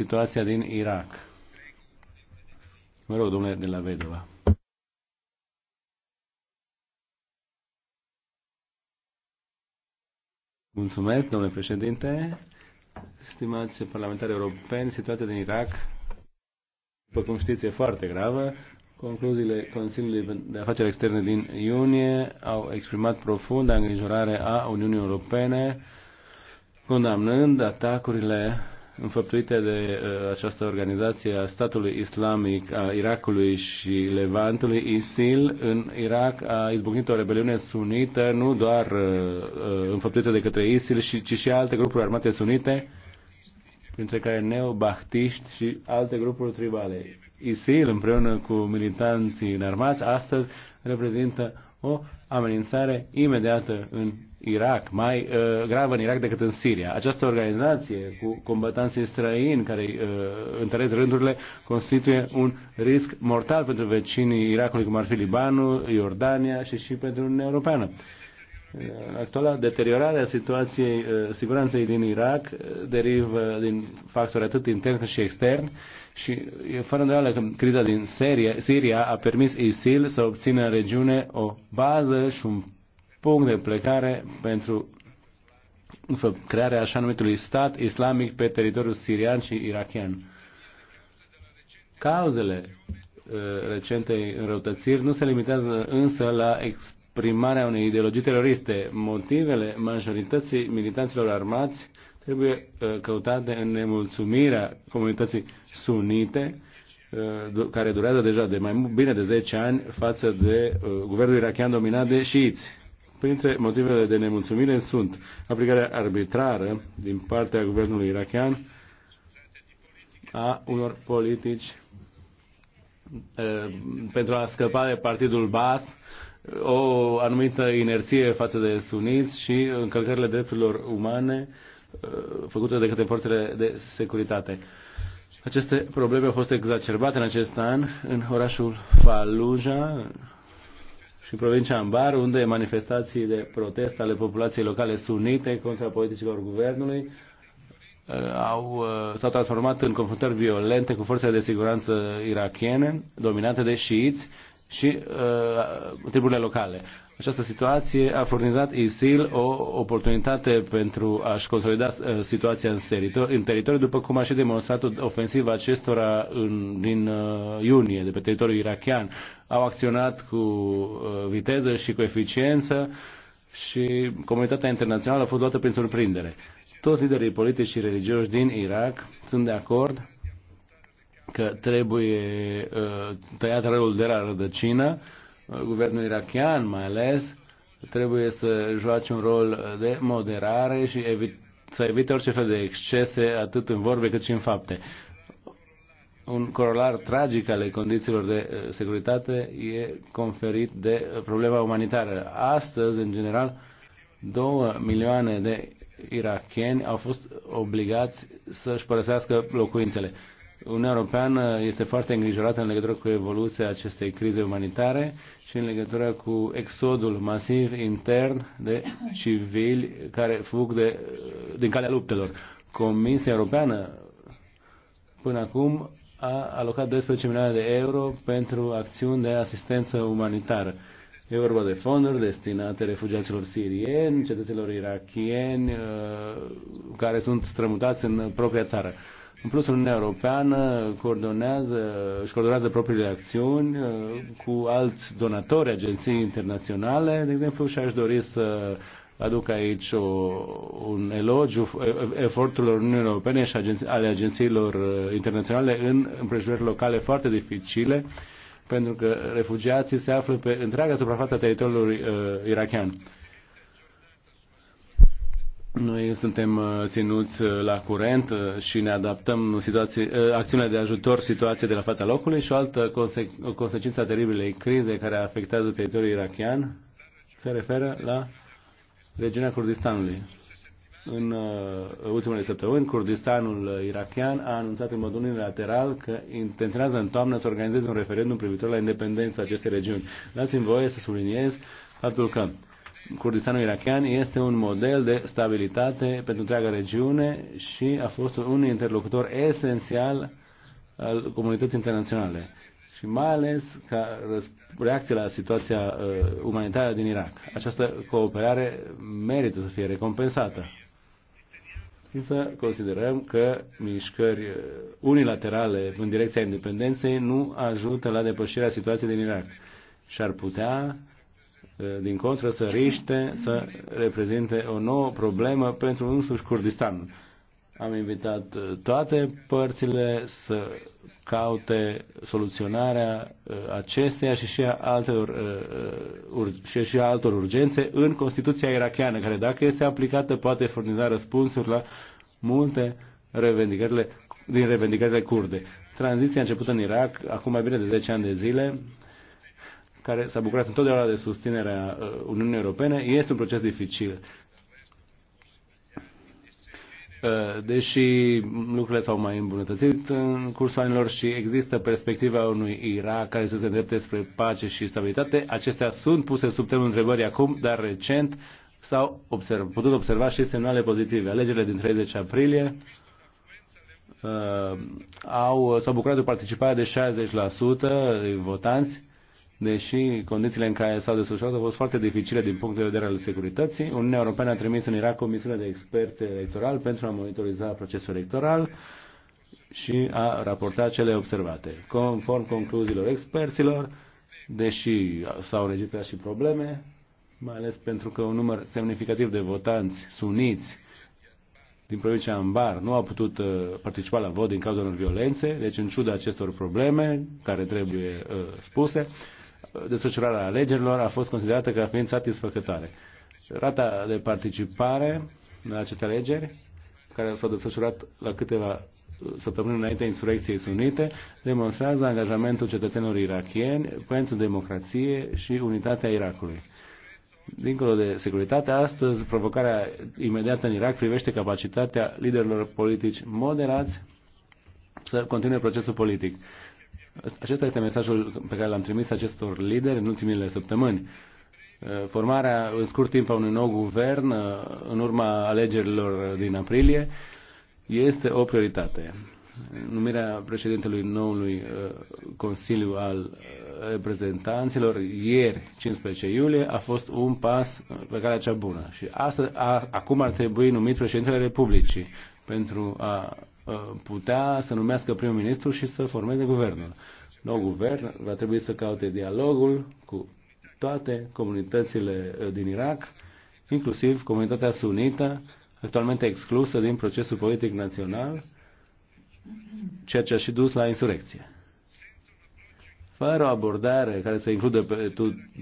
situația din Irak. Mă rog, domnule de la Vedova. Mulțumesc, domnule președinte. Stimați parlamentari europeni, situația din Irak, după cum știți, e foarte gravă. Concluziile Consiliului de Afaceri Externe din iunie au exprimat profundă îngrijorare a Uniunii Europene, condamnând atacurile înfăptuite de uh, această organizație a statului islamic a Irakului și Levantului, ISIL, în Irak a izbucnit o rebeliune sunită, nu doar uh, uh înfăptuită de către ISIL, ci și alte grupuri armate sunite, printre care neobahtiști și alte grupuri tribale. ISIL, împreună cu militanții înarmați, astăzi reprezintă o amenințare imediată în Irak, mai uh, gravă în Irak decât în Siria. Această organizație cu combatanții străini care uh, întăresc rândurile constituie un risc mortal pentru vecinii Irakului, cum ar fi Libanul, Iordania și și pentru Uniunea Europeană. Uh, Actuala deteriorare a situației uh, siguranței din Irak uh, derivă din factori atât interni cât și externi și e fără îndoială că criza din Siria, Siria a permis ISIL să obțină în regiune o bază și un punct de plecare pentru crearea așa numitului stat islamic pe teritoriul sirian și irakian. Cauzele uh, recentei înrăutățiri nu se limitează însă la exp- primarea unei ideologii teroriste. Motivele majorității militanților armați trebuie uh, căutate în nemulțumirea comunității sunite, uh, care durează deja de mai bine de 10 ani față de uh, guvernul irachian dominat de șiiți. Printre motivele de nemulțumire sunt aplicarea arbitrară din partea guvernului irachian a unor politici pentru a scăpa de partidul BAS o anumită inerție față de suniți și încălcările drepturilor umane uh, făcute de către forțele de securitate. Aceste probleme au fost exacerbate în acest an în orașul Fallujah și în provincia Ambar, unde manifestații de protest ale populației locale sunite contra politicilor guvernului uh, au, uh, s-au transformat în confruntări violente cu forțele de siguranță irachiene, dominate de șiiți, și uh, triburile locale. Această situație a furnizat ISIL o oportunitate pentru a-și consolida uh, situația în, serito- în teritoriu, după cum a și demonstrat ofensiva acestora în, din uh, iunie, de pe teritoriul irachian. Au acționat cu uh, viteză și cu eficiență și comunitatea internațională a fost luată prin surprindere. Toți liderii politici și religioși din Irak sunt de acord că trebuie ă, tăiat răul de la rădăcină, ă, guvernul irachian mai ales, trebuie să joace un rol de moderare și evit, să evite orice fel de excese, atât în vorbe cât și în fapte. Un corolar tragic ale condițiilor de ă, securitate e conferit de problema umanitară. Astăzi, în general, două milioane de irachieni au fost obligați să-și părăsească locuințele. Uniunea Europeană este foarte îngrijorată în legătură cu evoluția acestei crize umanitare și în legătură cu exodul masiv intern de civili care fug de, din calea luptelor. Comisia Europeană până acum a alocat 12 milioane de euro pentru acțiuni de asistență umanitară. E vorba de fonduri destinate refugiaților sirieni, cetățenilor irachieni uh, care sunt strămutați în propria țară. În plus, Uniunea Europeană coordonează, își coordonează propriile acțiuni uh, cu alți donatori, agenții internaționale, de exemplu, și aș dori să aduc aici o, un elogiu eforturilor Uniunii Europene și agenții, ale agențiilor uh, internaționale în împrejurări locale foarte dificile, pentru că refugiații se află pe întreaga suprafață a teritoriului uh, irachian. Noi suntem uh, ținuți uh, la curent uh, și ne adaptăm acțiunile de ajutor situației de la fața locului și o altă conse consecință a teribilei crize care afectează teritoriul irachian se referă la regiunea Kurdistanului. În ultimele săptămâni, Kurdistanul irachian a anunțat în mod unilateral că intenționează în toamnă să organizeze un referendum privitor la independența acestei regiuni. Dați-mi voie să subliniez faptul că Kurdistanul irakian este un model de stabilitate pentru întreaga regiune și a fost un interlocutor esențial al comunității internaționale și mai ales ca reacție la situația uh, umanitară din Irak. Această cooperare merită să fie recompensată. Însă considerăm că mișcări uh, unilaterale în direcția independenței nu ajută la depășirea situației din Irak și ar putea din contră, să riște, să reprezinte o nouă problemă pentru însuși Kurdistan. Am invitat toate părțile să caute soluționarea acesteia și și a altor, și și a altor urgențe în Constituția irachiană, care dacă este aplicată poate furniza răspunsuri la multe revendicările, din revendicările curde. Tranziția a început în Irak acum mai bine de 10 ani de zile care s-a bucurat întotdeauna de susținerea uh, Uniunii Europene, este un proces dificil. Uh, deși lucrurile s-au mai îmbunătățit în cursul anilor și există perspectiva unui Irak care să se îndrepte spre pace și stabilitate, acestea sunt puse sub temul întrebării acum, dar recent s-au observ, putut observa și semnale pozitive. Alegerile din 30 aprilie uh, au, s-au bucurat de participare de 60% de votanți, deși condițiile în care s-au desfășurat au fost foarte dificile din punct de vedere al securității. Uniunea Europeană a trimis în Irak o misiune de expert electoral pentru a monitoriza procesul electoral și a raporta cele observate. Conform concluziilor experților, deși s-au registrat și probleme, mai ales pentru că un număr semnificativ de votanți suniți din provincia Ambar nu au putut uh, participa la vot din cauza unor violențe, deci în ciuda acestor probleme care trebuie uh, spuse, desfășurarea alegerilor a fost considerată ca fiind satisfăcătoare. Rata de participare la aceste alegeri, care s-au desfășurat la câteva săptămâni înainte insurecției sunite, demonstrează angajamentul cetățenilor irakieni pentru democrație și unitatea Irakului. Dincolo de securitate, astăzi provocarea imediată în Irak privește capacitatea liderilor politici moderați să continue procesul politic. Acesta este mesajul pe care l-am trimis acestor lideri în ultimile săptămâni. Uh, formarea în scurt timp a unui nou guvern, uh, în urma alegerilor din aprilie, este o prioritate. Numirea președintelui noului uh, Consiliu al Reprezentanților ieri, 15 iulie, a fost un pas pe calea cea bună. Și asta, a, acum ar trebui numit președintele Republicii pentru a Uh, putea să numească prim-ministru și să formeze guvernul. Nou guvern va trebui să caute dialogul cu toate comunitățile uh, din Irak, inclusiv comunitatea sunită, actualmente exclusă din procesul politic național, ceea ce a și dus la insurecție. Fără o abordare care să includă pe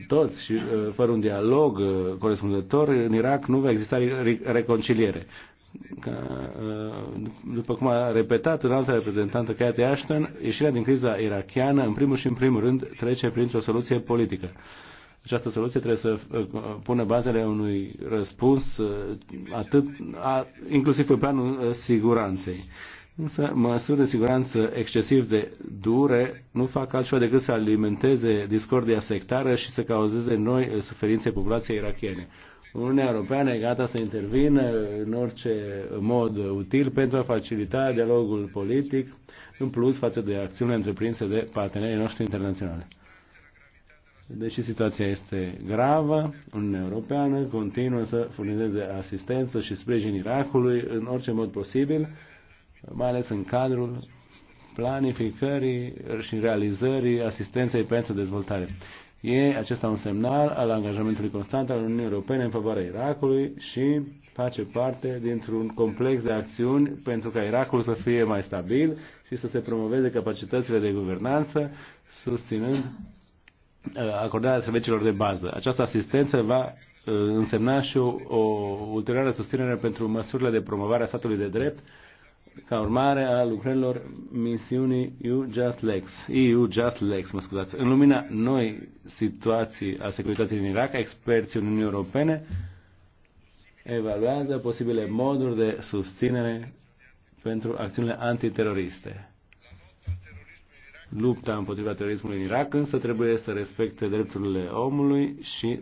toți și uh, fără un dialog corespunzător, în Irak nu va exista reconciliere. Că, uh, după cum a repetat în altă reprezentantă Cathy Ashton, ieșirea din criza irachiană, în primul și în primul rând, trece printr-o soluție politică. Această soluție trebuie să uh, pună bazele unui răspuns, uh, atât, a, inclusiv pe planul siguranței. Însă măsuri de siguranță excesiv de dure nu fac altceva decât să alimenteze discordia sectară și să cauzeze noi suferințe populației irachiene. Uniunea Europeană e gata să intervină în orice mod util pentru a facilita dialogul politic, în plus față de acțiunile întreprinse de partenerii noștri internaționale. Deși situația este gravă, Uniunea Europeană continuă să furnizeze asistență și sprijin Irakului în orice mod posibil, mai ales în cadrul planificării și realizării asistenței pentru dezvoltare. E acesta un semnal al angajamentului constant al Uniunii Europene în favoarea Irakului și face parte dintr-un complex de acțiuni pentru ca Irakul să fie mai stabil și să se promoveze capacitățile de guvernanță, susținând uh, acordarea serviciilor de bază. Această asistență va uh, însemna și o, o ulterioară susținere pentru măsurile de promovare a statului de drept ca urmare a lucrărilor misiunii EU Just Lex, EU Just Lex, mă scuzați. În lumina noi situații a securității din Irak, experții Uniunii Europene evaluează posibile moduri de susținere pentru acțiunile antiteroriste. Lupta împotriva terorismului în Irak însă trebuie să respecte drepturile omului și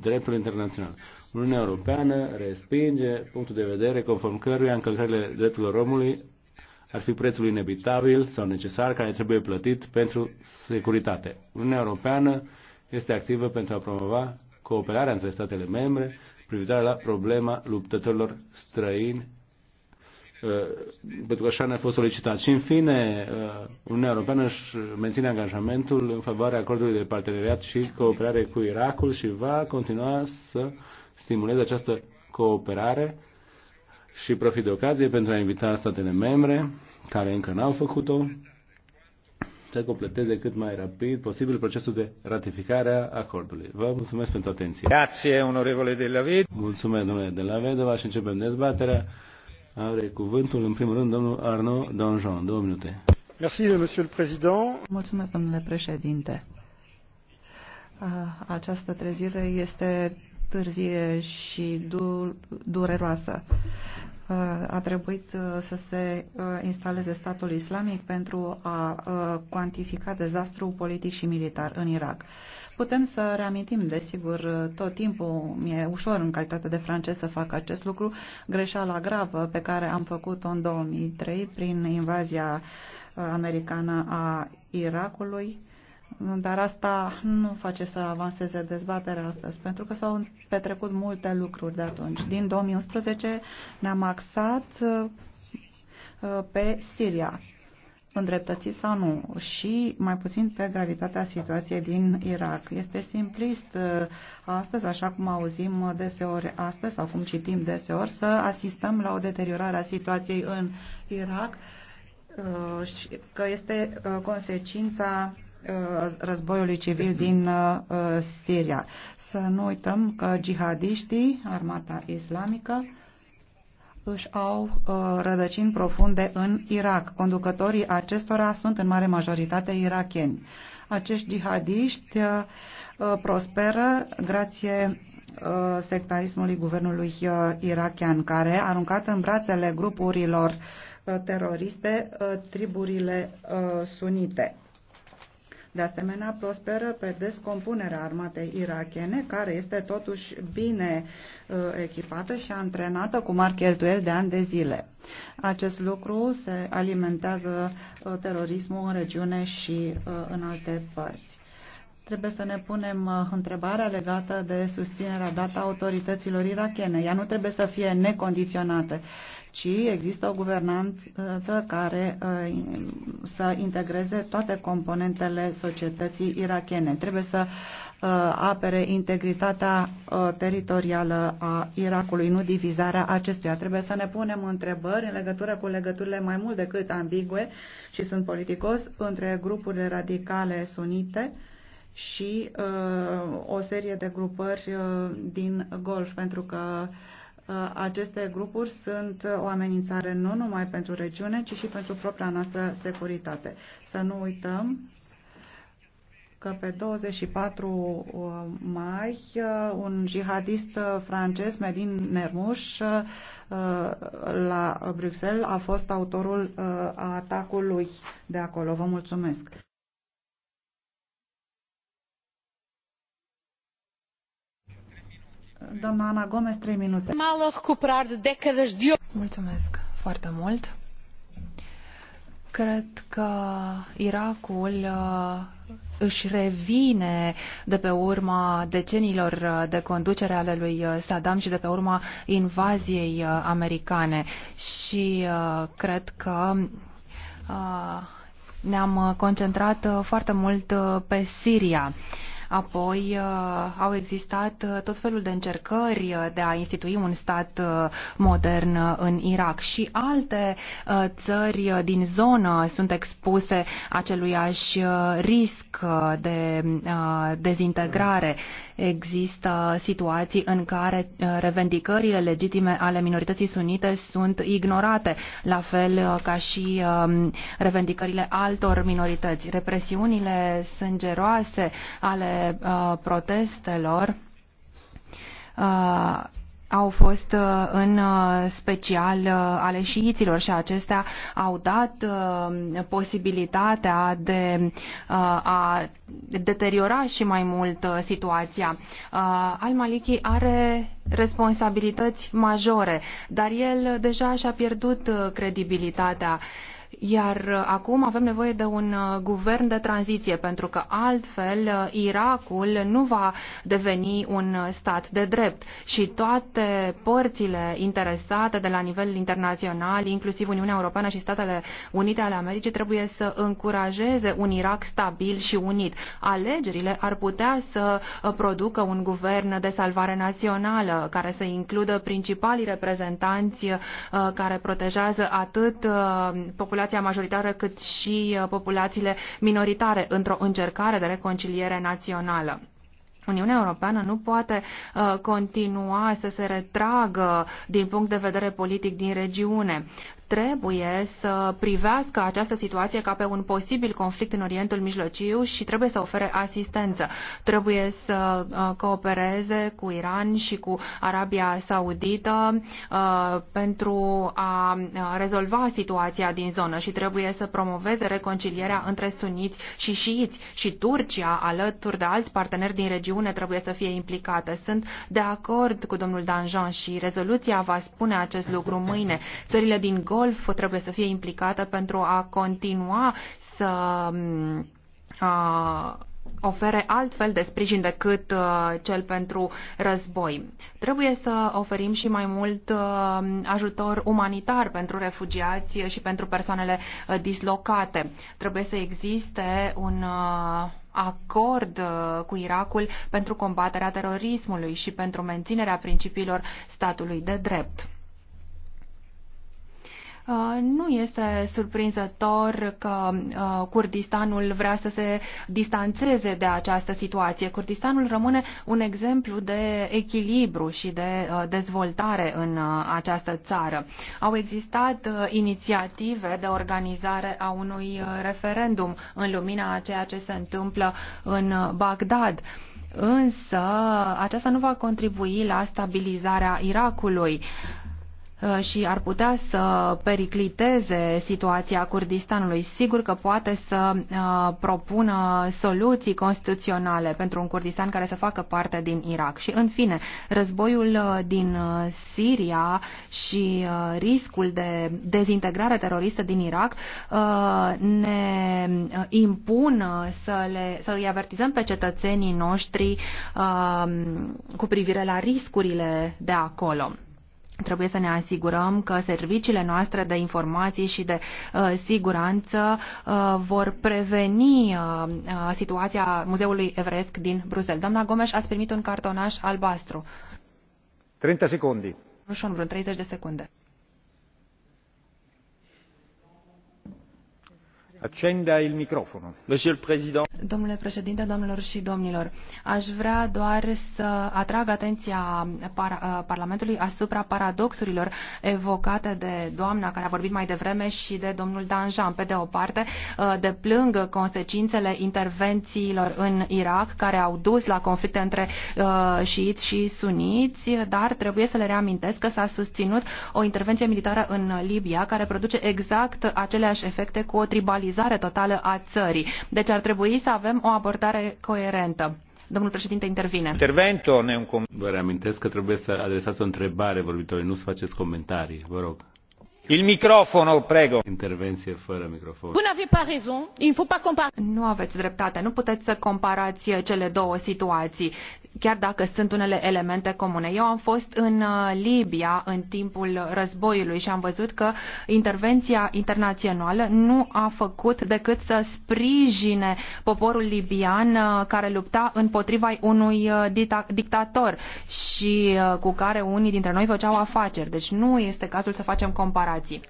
dreptul internațional. Uniunea Europeană respinge punctul de vedere conform căruia încălcările drepturilor omului ar fi prețul inevitabil sau necesar care trebuie plătit pentru securitate. Uniunea Europeană este activă pentru a promova cooperarea între statele membre privitoare la problema luptătorilor străini uh, pentru că așa ne-a fost solicitat. Și în fine, uh, Uniunea Europeană își menține angajamentul în favoarea acordului de parteneriat și cooperare cu Irakul și va continua să stimuleze această cooperare și profit de ocazie pentru a invita statele membre care încă n-au făcut-o să completeze cât mai rapid posibil procesul de ratificare a acordului. Vă mulțumesc pentru atenție. Grație, onorevole de la Ved. Mulțumesc, domnule de la Vedova și începem dezbaterea. Are cuvântul, în primul rând, domnul Arnaud Donjon. Două minute. Merci, monsieur le président. Mulțumesc, domnule președinte. Această trezire este târzie și dureroasă. Uh, a trebuit uh, să se uh, instaleze statul islamic pentru a cuantifica dezastru politic și militar în Irak. Putem să reamintim, desigur, tot timpul, mi-e ușor în calitate de francez să fac acest lucru, greșeala gravă pe care am făcut-o în 2003 prin invazia americană a Irakului, dar asta nu face să avanseze dezbaterea astăzi, pentru că s-au petrecut multe lucruri de atunci. Din 2011 ne-am axat uh, pe Siria, îndreptățit sau nu, și mai puțin pe gravitatea situației din Irak. Este simplist uh, astăzi, așa cum auzim deseori astăzi, sau cum citim deseori, să asistăm la o deteriorare a situației în Irak, uh, că este consecința Uh, războiului civil din uh, uh, Siria. Să nu uităm că jihadiștii, armata islamică, își au rădăcini profunde în Irak. Conducătorii acestora sunt în mare majoritate irakieni. Acești jihadiști prosperă grație sectarismului guvernului irachian, care a aruncat în brațele grupurilor teroriste triburile sunite. De asemenea, prosperă pe descompunerea armatei irachene, care este totuși bine uh, echipată și antrenată cu mari cheltuieli de ani de zile. Acest lucru se alimentează uh, terorismul în regiune și uh, în alte părți trebuie să ne punem întrebarea legată de susținerea dată autorităților irachene. Ea nu trebuie să fie necondiționată ci există o guvernanță care uh, să integreze toate componentele societății irachene. Trebuie să uh, apere integritatea uh, teritorială a Irakului, nu divizarea acestuia. Trebuie să ne punem întrebări în legătură cu legăturile mai mult decât ambigue și sunt politicos între grupurile radicale sunite și uh, o serie de grupări uh, din Golf, pentru că uh, Uh, aceste grupuri sunt uh, o amenințare nu numai pentru regiune, ci și pentru propria noastră securitate. Să nu uităm că pe 24 uh, mai un jihadist francez, Medin Nermuș, la Bruxelles a fost autorul atacului de acolo. Vă mulțumesc! Doamna Ana Gomez, minute. Mulțumesc foarte mult. Cred că Irakul uh, își revine de pe urma deceniilor uh, de conducere ale lui uh, Saddam și de pe urma invaziei americane. Și cred că ne-am concentrat foarte mult pe Siria. Apoi uh, au existat uh, tot felul de încercări uh, de a institui un stat modern în Irak și alte țări din zonă sunt expuse aceluiași risc de dezintegrare există situații în care uh, revendicările legitime ale minorității sunite sunt ignorate, la fel uh, ca și um, revendicările altor minorități. Represiunile sângeroase ale uh, protestelor au fost uh, în uh, special uh, ale șiiților și acestea au dat posibilitatea de a deteriora și mai mult situația. Al-Maliki are responsabilități majore, dar el deja și-a pierdut credibilitatea iar uh, acum avem nevoie de un uh, guvern de tranziție, pentru că altfel uh, Irakul nu va deveni un stat de drept și toate părțile interesate de la nivel internațional, inclusiv Uniunea Europeană și Statele Unite ale Americii, trebuie să încurajeze un Irak stabil și unit. Alegerile ar putea să producă un guvern de salvare națională care să includă principalii reprezentanți care protejează atât populația populația majoritară cât și uh, populațiile minoritare într-o încercare de reconciliere națională. Uniunea Europeană nu poate uh, continua să se retragă din punct de vedere politic din regiune trebuie să privească această situație ca pe un posibil conflict în Orientul Mijlociu și trebuie să ofere asistență. Trebuie să uh, coopereze cu Iran și cu Arabia Saudită uh, pentru a uh, rezolva situația din zonă și trebuie să promoveze reconcilierea între suniți și șiiți și Turcia alături de alți parteneri din regiune trebuie să fie implicată. Sunt de acord cu domnul Danjean și rezoluția va spune acest lucru mâine. Țările din Go golf trebuie să fie implicată pentru a continua să mm, ofere altfel de sprijin decât cel pentru război. Trebuie să oferim și mai mult ajutor umanitar pentru refugiați și pentru persoanele dislocate. Trebuie să existe un acord cu Irakul pentru combaterea terorismului și pentru menținerea principiilor statului de drept. Uh, nu este surprinzător că uh, Kurdistanul vrea să se distanțeze de această situație. Kurdistanul rămâne un exemplu de echilibru și de uh, dezvoltare în această țară. Au existat inițiative de organizare a unui referendum în lumina a ceea ce se întâmplă în Bagdad însă aceasta nu va contribui la stabilizarea Irakului. Uh, și ar putea să pericliteze situația Kurdistanului. Sigur că poate să uh, propună soluții constituționale pentru un Kurdistan care să facă parte din Irak. Și, în fine, războiul uh, din Siria și riscul de dezintegrare teroristă din Irak ne impun să, le, să îi avertizăm pe cetățenii noștri cu privire la riscurile de acolo. Trebuie să ne asigurăm că serviciile noastre de informații și de uh, siguranță uh, vor preveni uh, uh situația Muzeului Evresc din Bruxelles. Doamna Gomes, ați primit un cartonaș albastru. 30 secunde. Rușon, vreo 30 de secunde. domnule președinte doamnelor și domnilor aș vrea doar să atrag atenția parlamentului asupra paradoxurilor evocate de doamna care a vorbit mai devreme și de domnul danjean. pe de o parte deplâng consecințele intervențiilor în irak care au dus la conflicte între șiiți și suniți dar trebuie să le reamintesc că s-a susținut o intervenție militară în libia care produce exact aceleași efecte cu o tribalizare ecologizare totală a țării. Deci ar trebui să avem o abordare coerentă. Domnul președinte intervine. Intervento, ne un Vă reamintesc că trebuie să adresați o întrebare vorbitorii, nu să faceți comentarii. Vă rog. Il microfono, prego. Intervenție fără microfon. Vous n'avez pas raison, il faut pas compara- Nu aveți dreptate, nu puteți să comparați cele două situații chiar dacă sunt unele elemente comune. Eu am fost în uh, Libia în timpul războiului și am văzut că intervenția internațională nu a făcut decât să sprijine poporul libian uh, care lupta împotriva unui uh, dictator și cu care unii dintre noi făceau afaceri. Deci nu este cazul să facem comparații.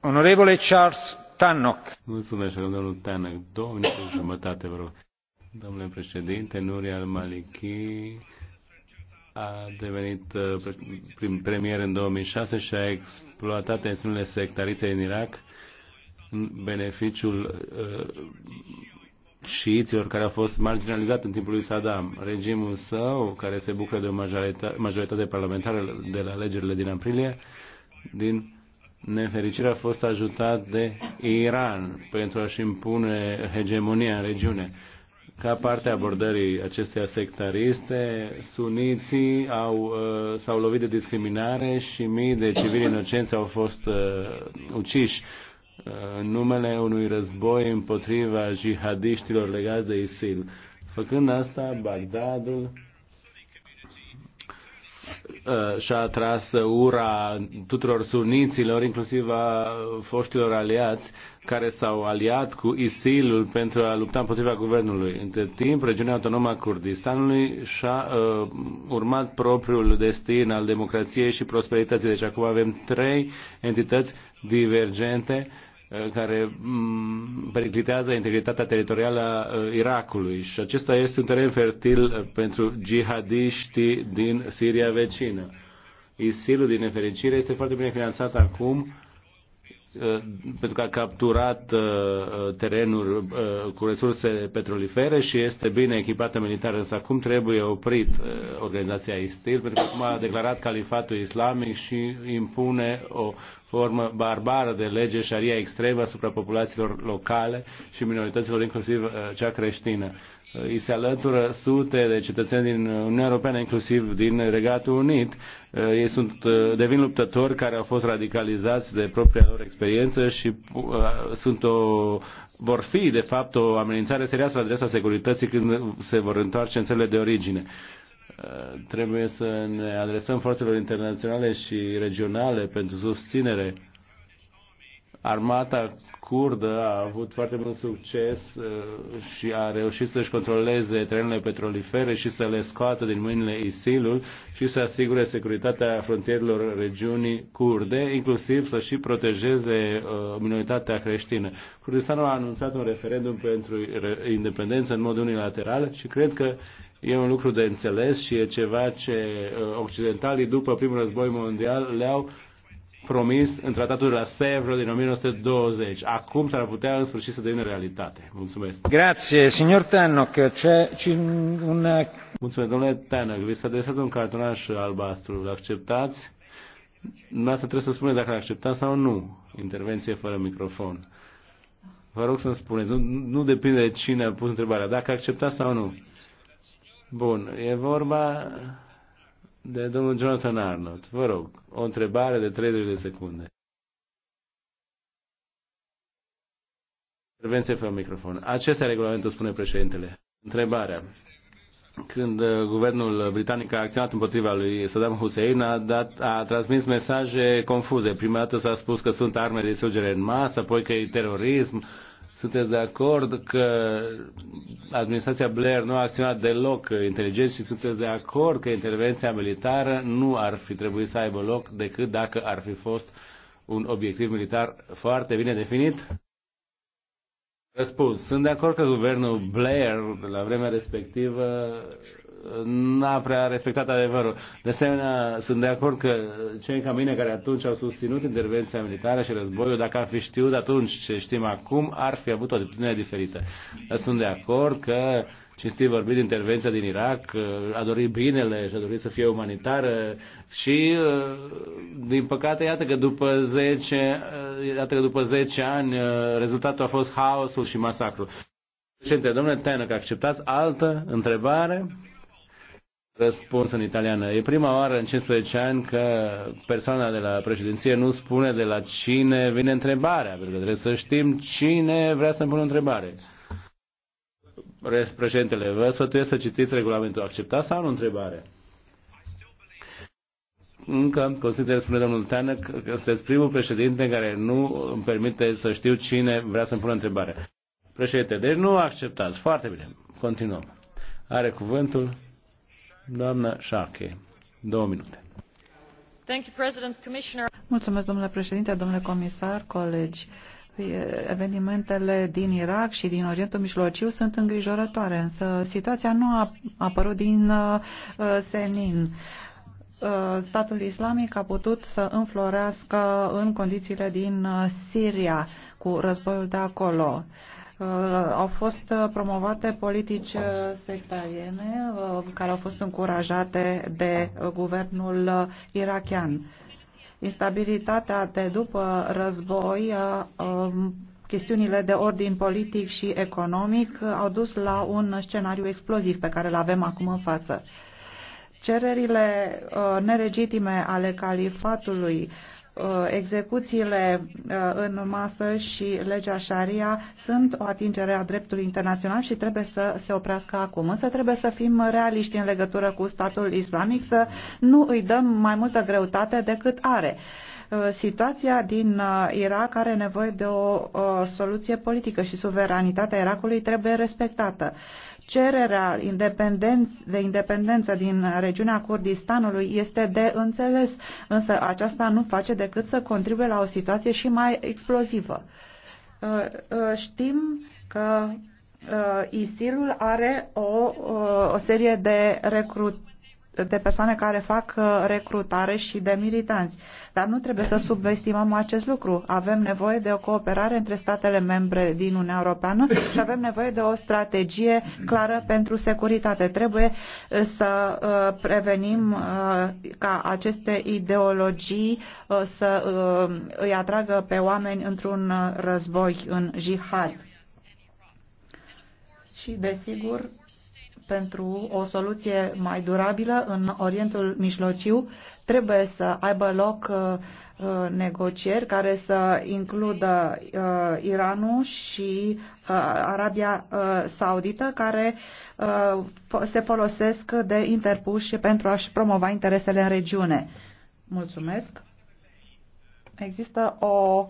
Onorevole Charles Tannock. Mulțumesc, domnul Tannock. Două minute jumătate, vă rog. Domnule președinte, Nuri al-Maliki a devenit uh, prim premier în 2006 și a exploatat tensiunile sectarite în Irak în beneficiul uh, șiiților care au fost marginalizați în timpul lui Saddam. Regimul său, care se bucură de o majoritate, majoritate parlamentară de la alegerile din aprilie, din nefericire a fost ajutat de Iran pentru a-și impune hegemonia în regiune ca parte a abordării acesteia sectariste, suniții au, uh, s-au lovit de discriminare și mii de civili inocenți au fost uh, uciși uh, în numele unui război împotriva jihadiștilor legați de ISIL. Făcând asta, Bagdadul uh, și-a atras ura tuturor suniților, inclusiv a foștilor aliați, care s-au aliat cu ISIL ul pentru a lupta împotriva guvernului. Între timp, regiunea autonomă a Kurdistanului și-a uh, urmat propriul destin al democrației și prosperității. Deci acum avem trei entități divergente uh, care um, periclitează integritatea teritorială a uh, Irakului și acesta este un teren fertil uh, pentru jihadiștii din Siria vecină. ISIL-ul, din nefericire, este foarte bine finanțat acum Uh, pentru că a capturat uh, uh, terenuri cu resurse petrolifere și este bine echipată militar, însă acum trebuie oprit organizația ISIL, pentru că acum a declarat califatul islamic și impune o formă barbară de lege șaria extremă asupra populațiilor locale și minorităților, inclusiv cea creștină îi se alătură sute de cetățeni din Uniunea Europeană, inclusiv din Regatul Unit. Uh, ei sunt, uh, devin luptători care au fost radicalizați de propria lor experiență și uh, sunt o, vor fi, de fapt, o amenințare serioasă la adresa securității când se vor întoarce în țările de origine trebuie să ne adresăm forțelor internaționale și regionale pentru susținere Armata curdă a avut foarte mult succes uh, și a reușit să-și controleze trenurile petrolifere și să le scoată din mâinile ISIL-ul și să asigure securitatea frontierilor regiunii curde, inclusiv să și protejeze uh, minoritatea creștină. Kurdistanul a anunțat un referendum pentru independență în mod unilateral și cred că e un lucru de înțeles și e ceva ce uh, occidentalii după primul război mondial le-au promis în tratatul de la Sevres din 1920. Acum s-ar putea în sfârșit să devină realitate. Mulțumesc. Grație, signor Tannock. ce un... Mulțumesc, domnule Tannock. Vi se adresează un cartonaș albastru. L acceptați? Asta trebuie să spuneți dacă acceptați sau nu. Intervenție fără microfon. Vă rog să-mi spuneți. Nu, nu depinde de cine a pus întrebarea. Dacă acceptați sau nu. Bun. E vorba de domnul Jonathan Arnold. Vă rog, o întrebare de 30 de secunde. Intervenție fără microfon. Acesta regulamentul, spune președintele. Întrebarea. Când uh, guvernul britanic a acționat împotriva lui Saddam Hussein, a, dat, a transmis mesaje confuze. Prima dată s-a spus că sunt arme de sugere în masă, apoi că e terorism, sunteți de acord că administrația Blair nu a acționat deloc inteligent și sunteți de acord că intervenția militară nu ar fi trebuit să aibă loc decât dacă ar fi fost un obiectiv militar foarte bine definit? Răspuns. Sunt de acord că guvernul Blair, la vremea respectivă, n-a prea respectat adevărul. De asemenea, sunt de acord că cei ca mine care atunci au susținut intervenția militară și războiul, dacă ar fi știut atunci ce știm acum, ar fi avut o atitudine diferită. Dar sunt de acord că, cinstit vorbit, intervenția din Irak uh, a dorit binele și a dorit să fie umanitară și, uh, din păcate, iată că după 10, uh, iată că după 10 ani rezultatul a fost haosul și masacru. Președinte, domnule Tenăc, acceptați altă întrebare? răspuns în italiană. E prima oară în 15 ani că persoana de la președinție nu spune de la cine vine întrebarea, pentru că trebuie să știm cine vrea să-mi pună întrebare. Președintele, vă sfătuiesc să citiți regulamentul. Acceptați sau nu întrebare? Încă consider, spune domnul Teană, că sunteți primul președinte care nu îmi permite să știu cine vrea să-mi pună întrebare. Președinte, deci nu acceptați. Foarte bine. Continuăm. Are cuvântul. Doamna Șache, două minute. Thank you, President, Commissioner. Mulțumesc, domnule președinte, domnule comisar, colegi. Evenimentele din Irak și din Orientul Mijlociu sunt îngrijorătoare, însă situația nu a apărut din uh, senin. Uh, statul islamic a putut să înflorească în condițiile din uh, Siria cu războiul de acolo. Uh, au fost uh, promovate politici uh, sectariene uh, care au fost încurajate de guvernul irachian. Instabilitatea de după război, um, chestiunile de ordin politic și economic au dus la un scenariu exploziv pe care îl avem acum în față cererile uh, neregitime ale califatului Uh, execuțiile uh, în masă și legea șaria sunt o atingere a dreptului internațional și trebuie să se oprească acum. Însă trebuie să fim realiști în legătură cu statul islamic, să nu îi dăm mai multă greutate decât are uh, situația din Irak are nevoie de o, o soluție politică și suveranitatea Irakului trebuie respectată. Cererea de independență din regiunea Kurdistanului este de înțeles, însă aceasta nu face decât să contribuie la o situație și mai explozivă. Uh, uh, știm că uh, ISIL-ul are o, o serie de recrutări de persoane care fac uh, recrutare și de militanți. Dar nu trebuie să subestimăm acest lucru. Avem nevoie de o cooperare între statele membre din Uniunea Europeană și avem nevoie de o strategie clară pentru securitate. Trebuie uh, să uh, prevenim ca aceste ideologii să îi atragă pe oameni într-un război, în jihad. Și, desigur, pentru o soluție mai durabilă în Orientul Mijlociu, trebuie să aibă loc uh, uh, negocieri care să includă uh, Iranul și Arabia Saudită, care se folosesc de interpuși pentru a-și promova interesele în regiune. Mulțumesc. Există o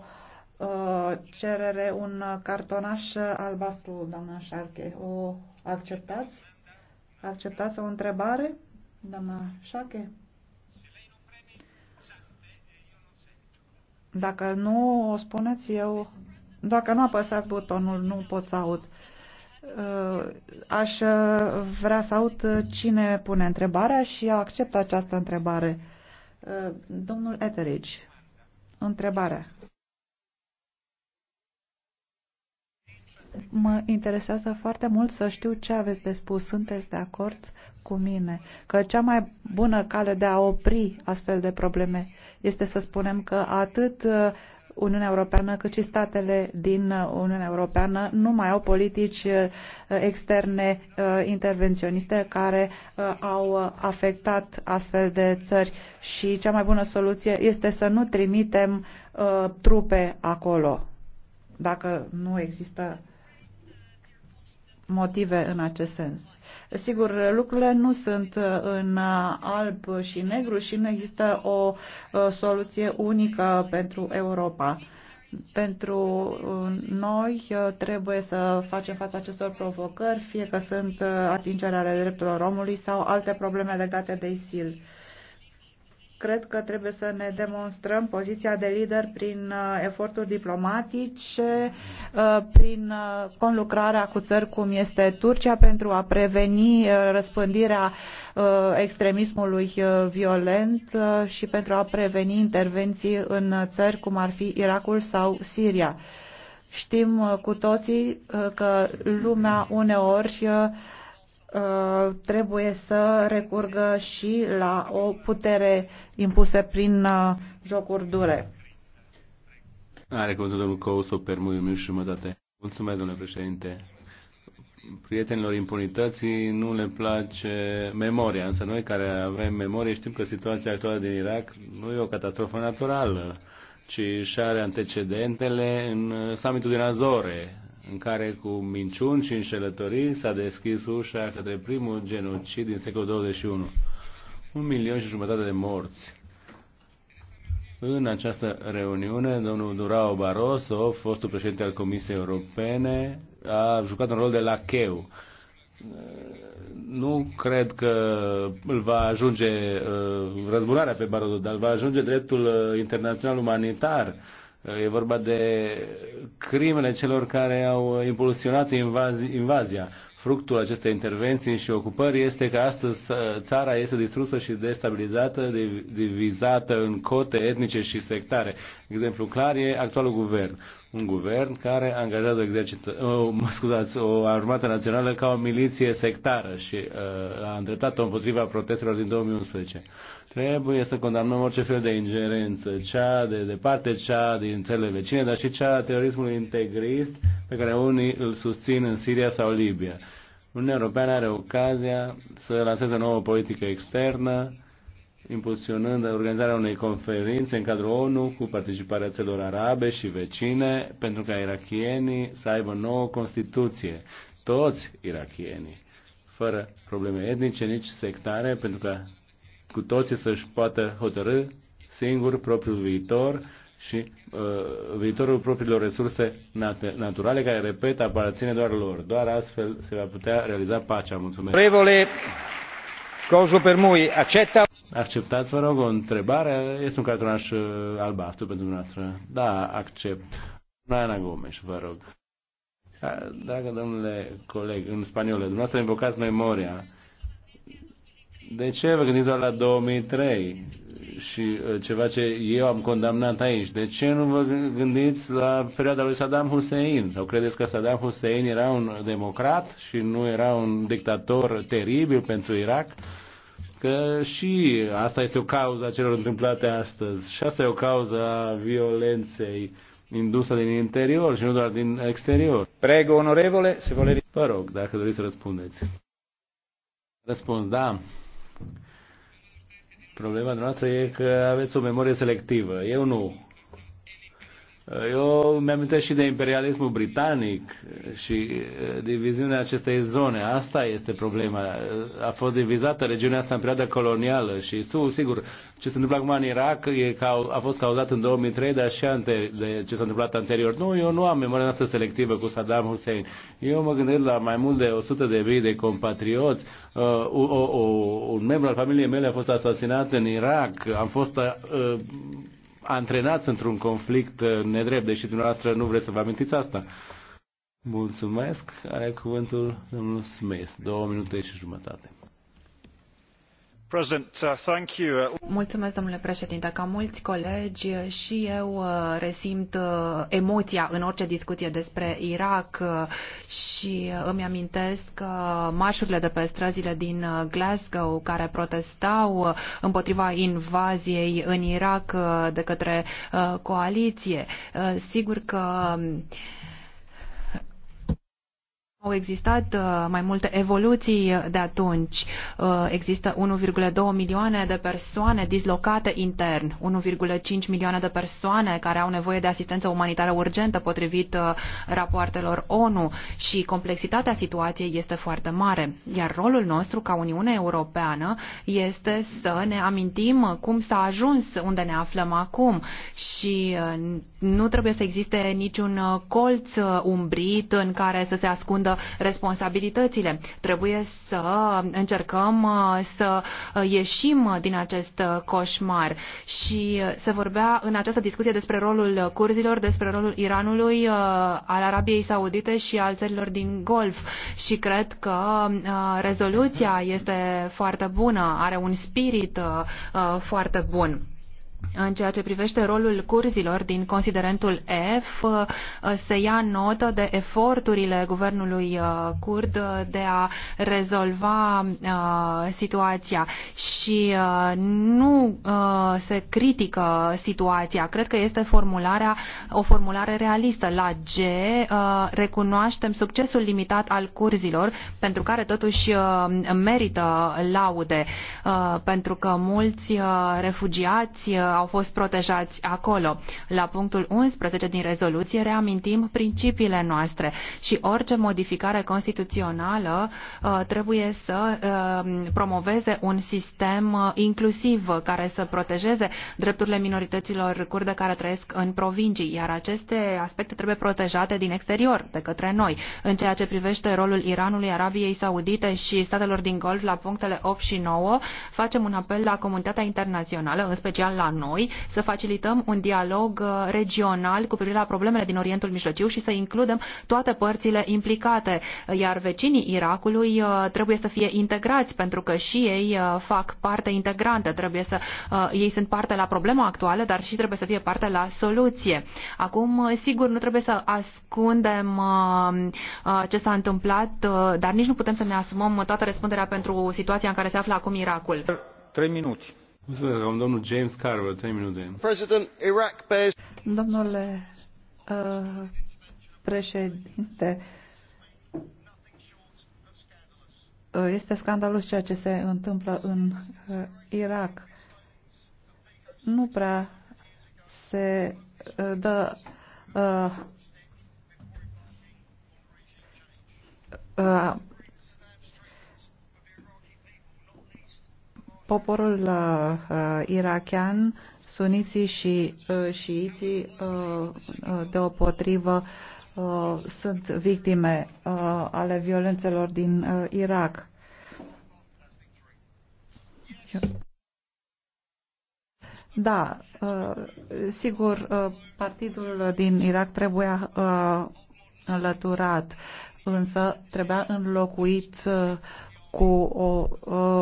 cerere, un cartonaș albastru, doamna Șarche. O acceptați? Acceptați o întrebare, doamna Șache? Dacă nu o spuneți eu, dacă nu apăsați butonul, nu pot să aud. Uh, aș uh, vrea să aud cine pune întrebarea și acceptă această întrebare. Uh, domnul Etheridge, întrebarea. mă interesează foarte mult să știu ce aveți de spus. Sunteți de acord cu mine că cea mai bună cale de a opri astfel de probleme este să spunem că atât uh, Uniunea Europeană cât și statele din uh, Uniunea Europeană nu mai au politici uh, externe intervenționiste care au afectat astfel de țări și cea mai bună soluție este să nu trimitem trupe acolo dacă nu există motive în acest sens. Sigur, lucrurile nu sunt uh, în uh, alb și negru și nu există o uh, soluție unică pentru Europa. Pentru noi trebuie să facem față acestor provocări, fie că sunt atingerea ale drepturilor omului sau alte probleme legate de ISIL cred că trebuie să ne demonstrăm poziția de lider prin uh, eforturi diplomatice, uh, prin uh, conlucrarea cu țări cum este Turcia pentru a preveni răspândirea extremismului violent și pentru a preveni intervenții în țări cum ar fi Irakul sau Siria. Știm cu toții că lumea uneori Uh, trebuie să recurgă și la o putere impusă prin uh, jocuri dure. Are cuvântul domnul Couso per minut și jumătate. Mulțumesc, domnule președinte. Prietenilor impunității nu le place memoria, însă noi care avem memorie știm că situația actuală din Irak nu e o catastrofă naturală, ci și are antecedentele în summitul din Azore, în care cu minciuni și înșelătorii s-a deschis ușa către primul genocid din secolul 21. Un milion și jumătate de morți. În această reuniune, domnul Durao Barroso, fostul președinte al Comisiei Europene, a jucat un rol de lacheu. Nu cred că îl va ajunge uh, răzbunarea pe Barroso, dar va ajunge dreptul uh, internațional umanitar E vorba de crimele celor care au impulsionat invazi, invazia. Fructul acestei intervenții și ocupări este că astăzi țara este distrusă și destabilizată, divizată în cote etnice și sectare. Exemplu clar e actualul guvern un guvern care angajează exercită, o, mă scuzați, o armată națională ca o miliție sectară și uh, a îndreptat-o împotriva protestelor din 2011. Trebuie să condamnăm orice fel de ingerență, cea de departe, cea din țările vecine, dar și cea a terorismului integrist pe care unii îl susțin în Siria sau Libia. Uniunea Europeană are ocazia să lanseze o nouă politică externă, impulsionând organizarea unei conferințe în cadrul ONU cu participarea țelor arabe și vecine pentru ca irachienii să aibă o nouă Constituție. Toți irachienii, fără probleme etnice, nici sectare, pentru ca cu toții să-și poată hotărâ singur propriul viitor și uh, viitorul propriilor resurse nat- naturale, care, repet, aparține doar lor. Doar astfel se va putea realiza pacea. Mulțumesc. Prevole, Coso Permui, Acceptați, vă rog, o întrebare. Este un cartonaș uh, albastru pentru dumneavoastră. Da, accept. Ana Gomes, vă rog. Dragă domnule coleg, în spaniolă, dumneavoastră invocați memoria. De ce vă gândiți doar la 2003 și uh, ceva ce eu am condamnat aici? De ce nu vă gândiți la perioada lui Saddam Hussein? Sau credeți că Saddam Hussein era un democrat și nu era un dictator teribil pentru Irak? că și asta este o cauză a celor întâmplate astăzi și asta e o cauză a violenței indusă din interior și nu doar din exterior. Prego, onorevole, se vole... Vă rog, dacă doriți să răspundeți. Răspund. da. Problema noastră e că aveți o memorie selectivă. Eu nu. Eu mi-amintesc și de imperialismul britanic și eh, diviziunea acestei zone. Asta este problema. A fost divizată regiunea asta în perioada colonială și, sigur, ce se întâmplă acum în Irak e ca, a fost cauzat în 2003, dar și anteri, de ce s-a întâmplat anterior. Nu, eu nu am memoria noastră selectivă cu Saddam Hussein. Eu mă gândesc la mai mult de 100 de mii de compatrioți. Uh, o, o, un membru al familiei mele a fost asasinat în Irak. Am fost uh, antrenați într-un conflict uh, nedrept, deși dumneavoastră nu vreți să vă amintiți asta. Mulțumesc. Are cuvântul domnul Smith. Două minute și jumătate. Uh, uh, Mulțumesc, domnule președinte. Ca mulți colegi, și eu uh, resimt emoția în orice discuție despre Irak și îmi amintesc marșurile de pe străzile din Glasgow care protestau împotriva invaziei în Irak de către coaliție. Sigur că um, au existat uh, mai multe evoluții de atunci. Uh, există 1,2 milioane de persoane dislocate intern, 1,5 milioane de persoane care au nevoie de asistență umanitară urgentă potrivit uh, rapoartelor ONU și complexitatea situației este foarte mare. Iar rolul nostru ca Uniune Europeană este să ne amintim cum s-a ajuns unde ne aflăm acum și nu trebuie să existe niciun colț umbrit în care să se ascundă responsabilitățile. Trebuie să încercăm uh, să uh, ieșim din acest uh, coșmar și se vorbea în această discuție despre rolul curzilor, despre rolul Iranului, al Arabiei Saudite și al țărilor din Golf și cred că rezoluția este foarte bună, are un spirit foarte bun. În ceea ce privește rolul curzilor din considerentul F, uh, se ia notă de eforturile guvernului uh, curd uh, de a rezolva situația și nu se critică situația. Cred că este formularea, o formulare realistă. La G recunoaștem succesul limitat al curzilor, pentru care totuși merită laude, pentru că mulți refugiați au fost protejați acolo. La punctul 11 din rezoluție reamintim principiile noastre și orice modificare constituțională uh, trebuie să uh, promoveze un sistem uh, inclusiv care să protejeze drepturile minorităților curde care trăiesc în provincii, iar aceste aspecte trebuie protejate din exterior, de către noi. În ceea ce privește rolul Iranului, Arabiei Saudite și statelor din Golf la punctele 8 și 9, facem un apel la comunitatea internațională, în special la noi să facilităm un dialog uh, regional cu privire la problemele din Orientul Mijlociu și să includem toate părțile implicate, uh, iar vecinii Irakului uh, trebuie să fie integrați pentru că și ei fac parte integrantă, trebuie să ei sunt parte la problema actuală, dar și trebuie să fie parte la soluție. Acum, sigur, nu trebuie să ascundem ce s-a întâmplat, dar nici nu putem să ne asumăm toată răspunderea pentru situația în care se află acum Irakul. Trei minute. James Carver, President, Iraq Domnule uh, președinte, uh, este scandalos ceea ce se întâmplă în uh, Irak. Nu prea se uh, dă uh, uh, Poporul uh, uh, irachian, suniții și uh, șiiții uh, uh, deopotrivă uh, sunt victime uh, ale violențelor din uh, Irak. Da, uh, sigur, partidul din Irak trebuia înlăturat, însă trebuia înlocuit cu o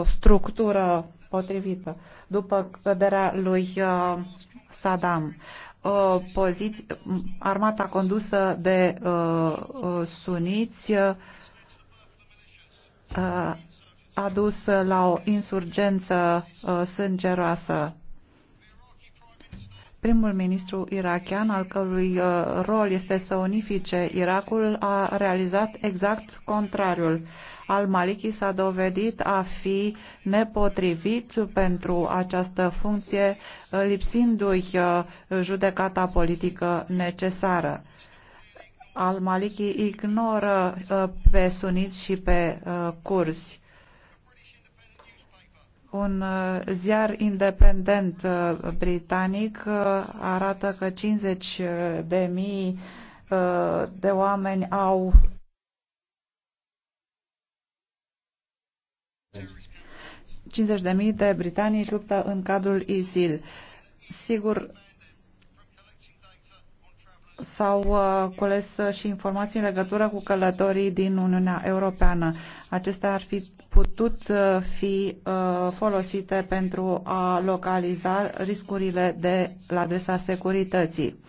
structură potrivită după căderea lui uh, Saddam. Uh, poziți, armata condusă de uh, suniți a dus la o insurgență sângeroasă Primul ministru irachian, al cărui uh, rol este să unifice Irakul, a realizat exact contrariul. Al-Maliki s-a dovedit a fi nepotrivit pentru această funcție, uh, lipsindu-i uh, judecata politică necesară. Al-Maliki ignoră pe suniți și pe curzi un uh, ziar independent uh, britanic uh, arată că 50 de mii de oameni au de mii de britanici luptă în cadrul ISIL. Sigur, s-au uh, cules uh, și informații în legătură cu călătorii din Uniunea Europeană. Acestea ar fi putut uh, fi folosite pentru a localiza riscurile de la adresa securității.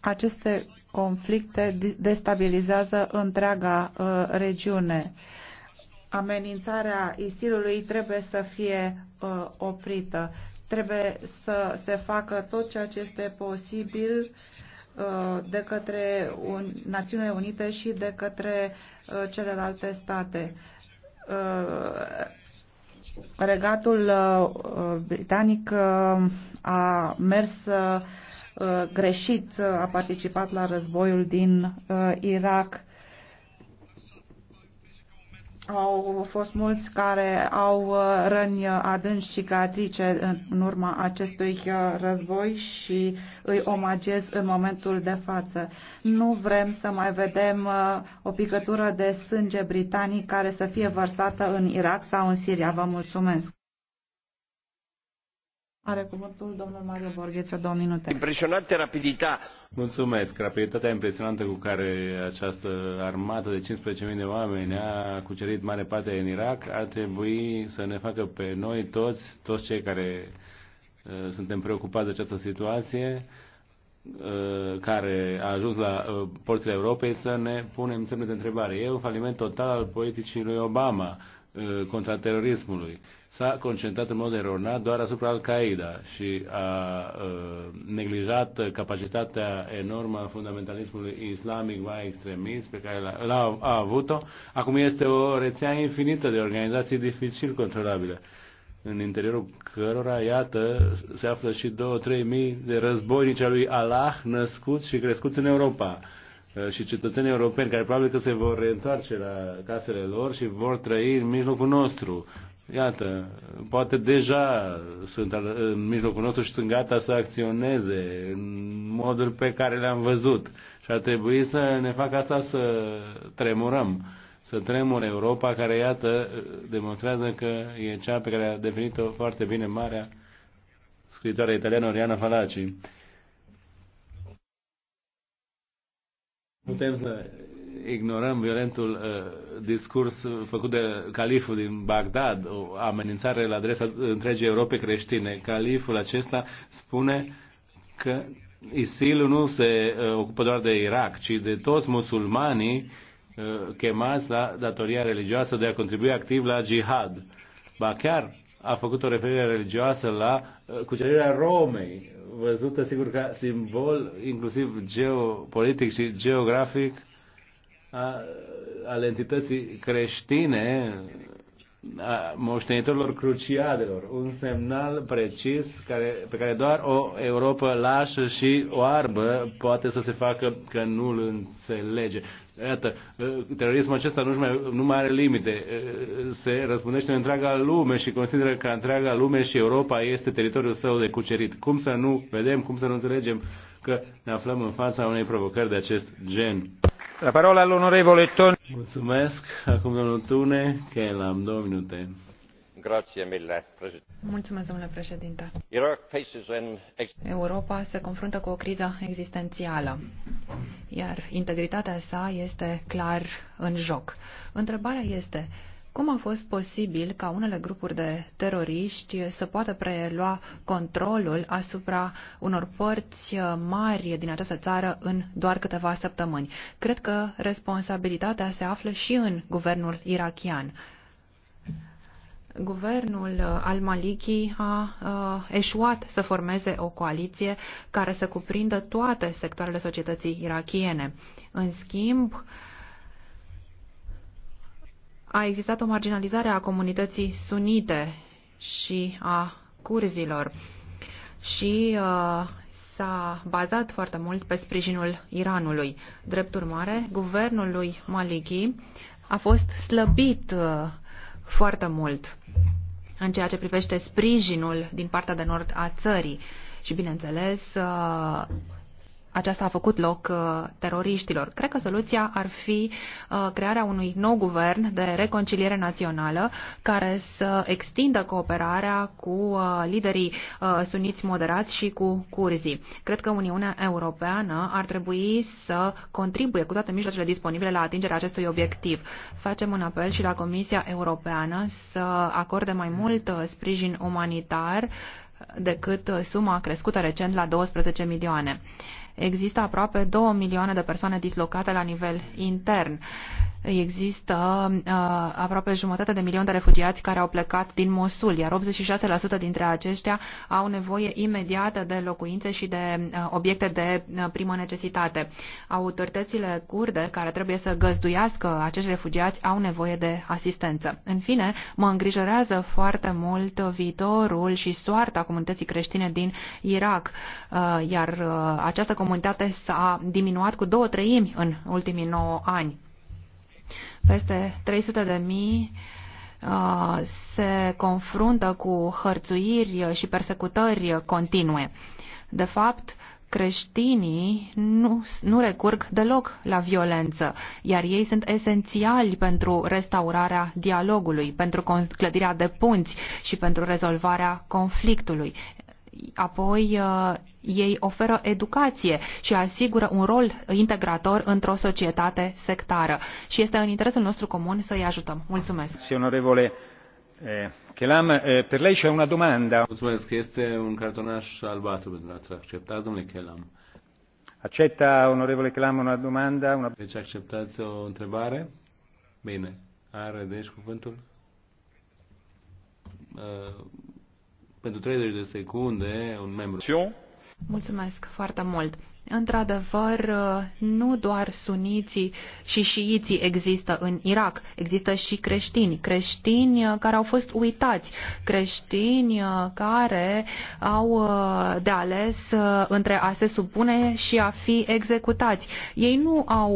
Aceste conflicte destabilizează întreaga regiune amenințarea ISIL-ului trebuie să fie uh, oprită. Trebuie să se facă tot ceea ce este posibil uh, de către Națiunile Unite și de către uh, celelalte state. Uh, regatul britanic a mers greșit, a participat la războiul din Irak au fost mulți care au uh, răni adânci cicatrice în urma acestui uh, război și îi omagez în momentul de față. Nu vrem să mai vedem uh, o picătură de sânge britanic care să fie vărsată în Irak sau în Siria. Vă mulțumesc! Are cuvântul domnul Mario Borghețiu, două minute. Impresionante rapidita. Mulțumesc. Rapiditatea impresionantă cu care această armată de 15.000 de oameni a cucerit mare parte din Irak ar trebui să ne facă pe noi toți, toți cei care uh, suntem preocupați de această situație, uh, care a ajuns la uh, porțile Europei să ne punem semne de întrebare. E un faliment total al politicii lui Obama uh, contra terorismului s-a concentrat în mod eronat doar asupra Al-Qaeda și a uh, neglijat capacitatea enormă a fundamentalismului islamic mai extremist pe care l-a, a avut-o. Acum este o rețea infinită de organizații dificil controlabile în interiorul cărora, iată, se află și 2-3 mii de războinici al lui Allah născuți și crescuți în Europa uh, și cetățenii europeni care probabil că se vor reîntoarce la casele lor și vor trăi în mijlocul nostru. Iată, poate deja sunt în mijlocul nostru și sunt gata să acționeze în modul pe care le-am văzut. Și ar trebui să ne facă asta să tremurăm, să tremure Europa, care, iată, demonstrează că e cea pe care a definit-o foarte bine marea scritoare italiană Oriana Falaci. Putem să ignorăm violentul uh, discurs făcut de califul din Bagdad, o amenințare la adresa întregii Europe creștine. Califul acesta spune că isilul nu se uh, ocupă doar de Irak, ci de toți musulmanii uh, chemați la datoria religioasă de a contribui activ la jihad. Ba chiar a făcut o referire religioasă la uh, cucerirea Romei, văzută sigur ca simbol inclusiv geopolitic și geografic a, ale entității creștine a moștenitorilor cruciadelor, un semnal precis care, pe care doar o Europa lașă și oarbă poate să se facă că nu îl înțelege. Iată, terorismul acesta nu mai, nu mai are limite. Se răspundește în întreaga lume și consideră că întreaga lume și Europa este teritoriul său de cucerit. Cum să nu vedem, cum să nu înțelegem uh, că ne aflăm în fața unei provocări de acest gen. La parola all'onorevole Tone. Mulțumesc. Acum domnul Tune, că l-am două minute. Mulțumesc, domnule președinte. Europa se confruntă cu o criză existențială, iar integritatea sa este clar în joc. Întrebarea este, cum a fost posibil ca unele grupuri de teroriști să poată prelua controlul asupra unor părți uh, mari din această țară în doar câteva săptămâni? Cred că responsabilitatea se află și în guvernul irachian. Guvernul uh, al-Maliki a, a uh, eșuat să formeze o coaliție care să cuprindă toate sectoarele societății irachiene. În schimb, a existat o marginalizare a comunității sunite și a curzilor și uh, s-a bazat foarte mult pe sprijinul Iranului. Drept urmare, guvernul lui Maliki a fost slăbit uh, foarte mult în ceea ce privește sprijinul din partea de nord a țării. Și, bineînțeles, uh, aceasta a făcut loc uh, teroriștilor. Cred că soluția ar fi uh, crearea unui nou guvern de reconciliere națională care să extindă cooperarea cu uh, liderii suniți moderați și cu curzii. Cred că Uniunea Europeană ar trebui să contribuie cu toate mijloacele disponibile la atingerea acestui obiectiv. Facem un apel și la Comisia Europeană să acorde mai mult sprijin umanitar decât suma crescută recent la 12 milioane. Există aproape 2 milioane de persoane dislocate la nivel intern. Există uh, aproape jumătate de milion de refugiați care au plecat din Mosul, iar 86% dintre aceștia au nevoie imediată de locuințe și de uh, obiecte de uh, primă necesitate. Autoritățile curde care trebuie să găzduiască acești refugiați au nevoie de asistență. În fine, mă îngrijorează foarte mult viitorul și soarta comunității creștine din Irak, uh, iar uh, această comunitate comunitate s-a diminuat cu două treimi în ultimii 9 ani. Peste 300 de mii uh, se confruntă cu hărțuiri și persecutări continue. De fapt, creștinii nu, nu recurg deloc la violență, iar ei sunt esențiali pentru restaurarea dialogului, pentru clădirea de punți și pentru rezolvarea conflictului apoi uh, ei oferă educație și asigură un rol integrator într-o societate sectară. Și este în interesul nostru comun să îi ajutăm. Mulțumesc. Onorevole eh, Chelam, eh, per lei c'è una domanda. Mulțumesc. Este un cartonaș albastru pentru a accepta, domnule Chelam. Accetta, onorevole Chelam, una domanda? Una... Deci acceptați o întrebare? Bine. Are, deci, cuvântul? Uh pentru 30 de secunde un membru. Mulțumesc foarte mult. Într-adevăr, nu doar suniții și șiiții există în Irak, există și creștini, creștini care au fost uitați, creștini care au uh, de ales uh, între a se supune și a fi executați. Ei nu, au,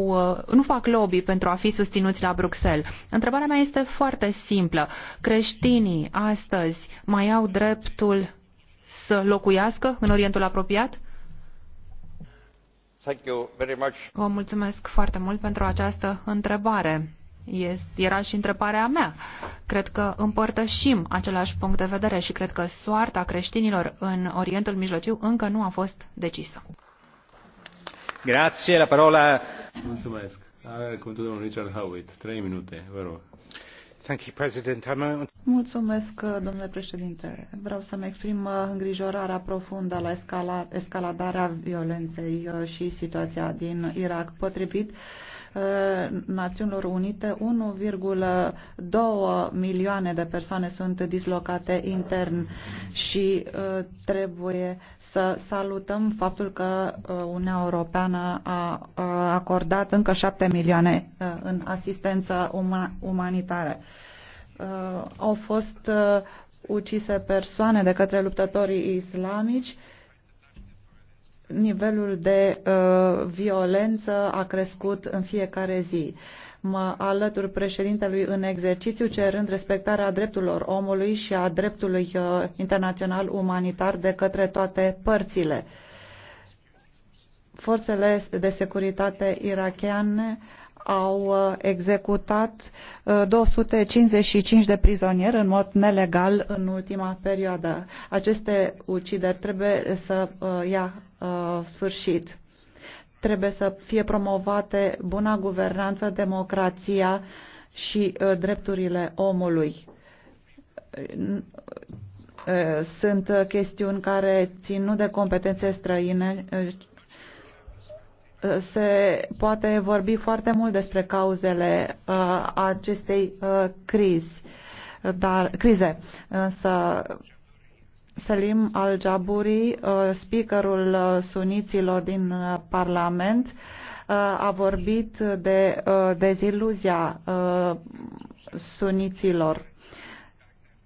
uh, nu fac lobby pentru a fi susținuți la Bruxelles. Întrebarea mea este foarte simplă. Creștinii astăzi mai au dreptul să locuiască în Orientul apropiat? Vă mulțumesc foarte mult pentru această întrebare. Era și întrebarea mea. Cred că împărtășim același punct de vedere și cred că soarta creștinilor în Orientul Mijlociu încă nu a fost decisă. la parola. Mulțumesc. cuvântul domnul Richard Howitt. Trei minute, vă rog. Mulțumesc, domnule președinte. Vreau să-mi exprim uh, îngrijorarea profundă la escaladarea violenței uh, și situația din Irak. Potrivit Uh, Națiunilor Unite, 1,2 milioane de persoane sunt dislocate intern și uh, trebuie să salutăm faptul că uh, Uniunea Europeană a acordat încă 7 milioane în asistență umanitară. Au fost ucise persoane de către luptătorii islamici nivelul de uh, violență a crescut în fiecare zi. Mă alătur președintelui în exercițiu cerând respectarea drepturilor omului și a dreptului uh, internațional umanitar de către toate părțile. Forțele de securitate irachiane uh, au uh, executat 255 uh, de prizonieri în mod nelegal în ultima perioadă. Aceste ucideri trebuie să uh, ia sfârșit. Trebuie să fie promovate buna guvernanță, democrația și drepturile omului sunt chestiuni care țin nu de competențe străine, se poate vorbi foarte mult despre cauzele uh, acestei uh, crizi, dar, crize. Însă Selim al-Jaburi, uh, speakerul uh, suniților din uh, Parlament, uh, a vorbit de uh, deziluzia uh, suniților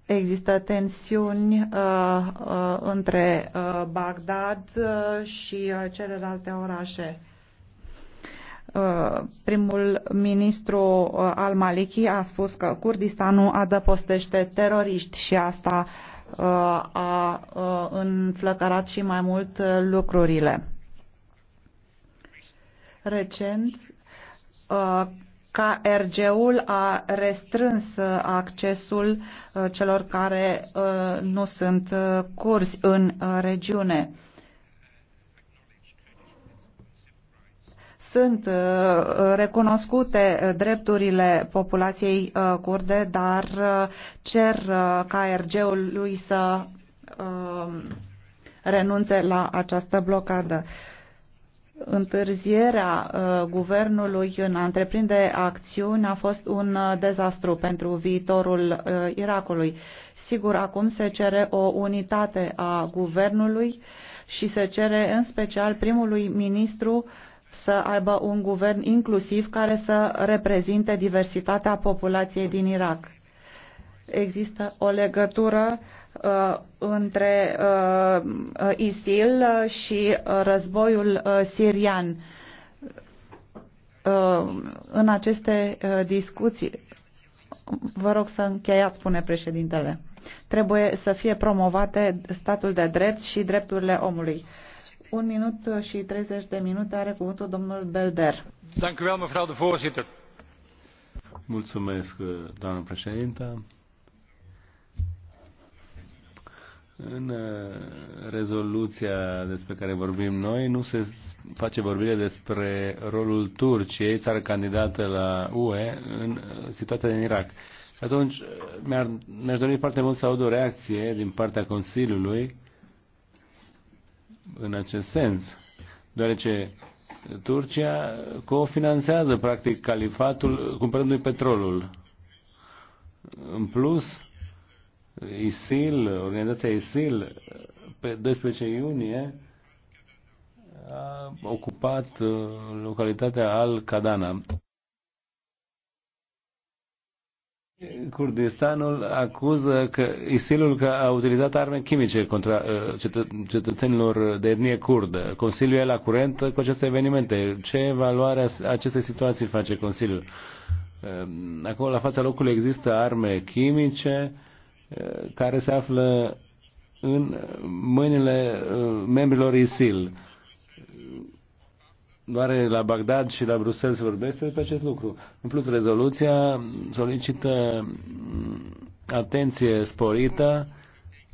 există tensiuni uh, uh, între uh, Bagdad uh, și uh, celelalte orașe. Uh, primul ministru uh, al Maliki a spus că Kurdistanul adăpostește teroriști și asta uh, a înflăcărat și mai mult lucrurile. Recent, KRG-ul a restrâns accesul celor care nu sunt curzi în regiune sunt uh, recunoscute uh, drepturile populației uh, kurde, dar cer ca RG-ului să um, renunțe la această blocadă. Întârzierea guvernului în a întreprinde acțiuni a fost un dezastru pentru viitorul Irakului. Sigur, acum se cere o unitate a guvernului și se cere în special primului ministru uh, să aibă un guvern inclusiv care să reprezinte diversitatea populației din Irak. Există o legătură uh, între uh, ISIL și uh, războiul uh, sirian. Uh, în aceste uh, discuții, vă rog să încheiați, spune președintele, trebuie să fie promovate statul de drept și drepturile omului. Un minut și 30 de minute are cuvântul domnul Belder. Mulțumesc, doamnă președintă. În uh, rezoluția despre care vorbim noi nu se face vorbire despre rolul Turciei, țară candidată la UE, în uh, situația din Irak. Și atunci uh, mi-aș dori foarte mult să aud o reacție din partea Consiliului în acest sens, deoarece Turcia cofinanțează practic califatul cumpărându-i petrolul. În plus, ISIL, organizația ISIL, pe 12 iunie a ocupat uh, localitatea Al-Kadana. Kurdistanul acuză că ISIL-ul că a utilizat arme chimice contra uh, cetățenilor de etnie kurdă. Consiliul e la curent cu aceste evenimente. Ce evaluare a acestei situații face Consiliul? Uh, acolo, la fața locului, există arme chimice uh, care se află în mâinile membrilor ISIL doar la Bagdad și la Bruxelles se vorbește despre acest lucru. În plus, rezoluția solicită mm, atenție sporită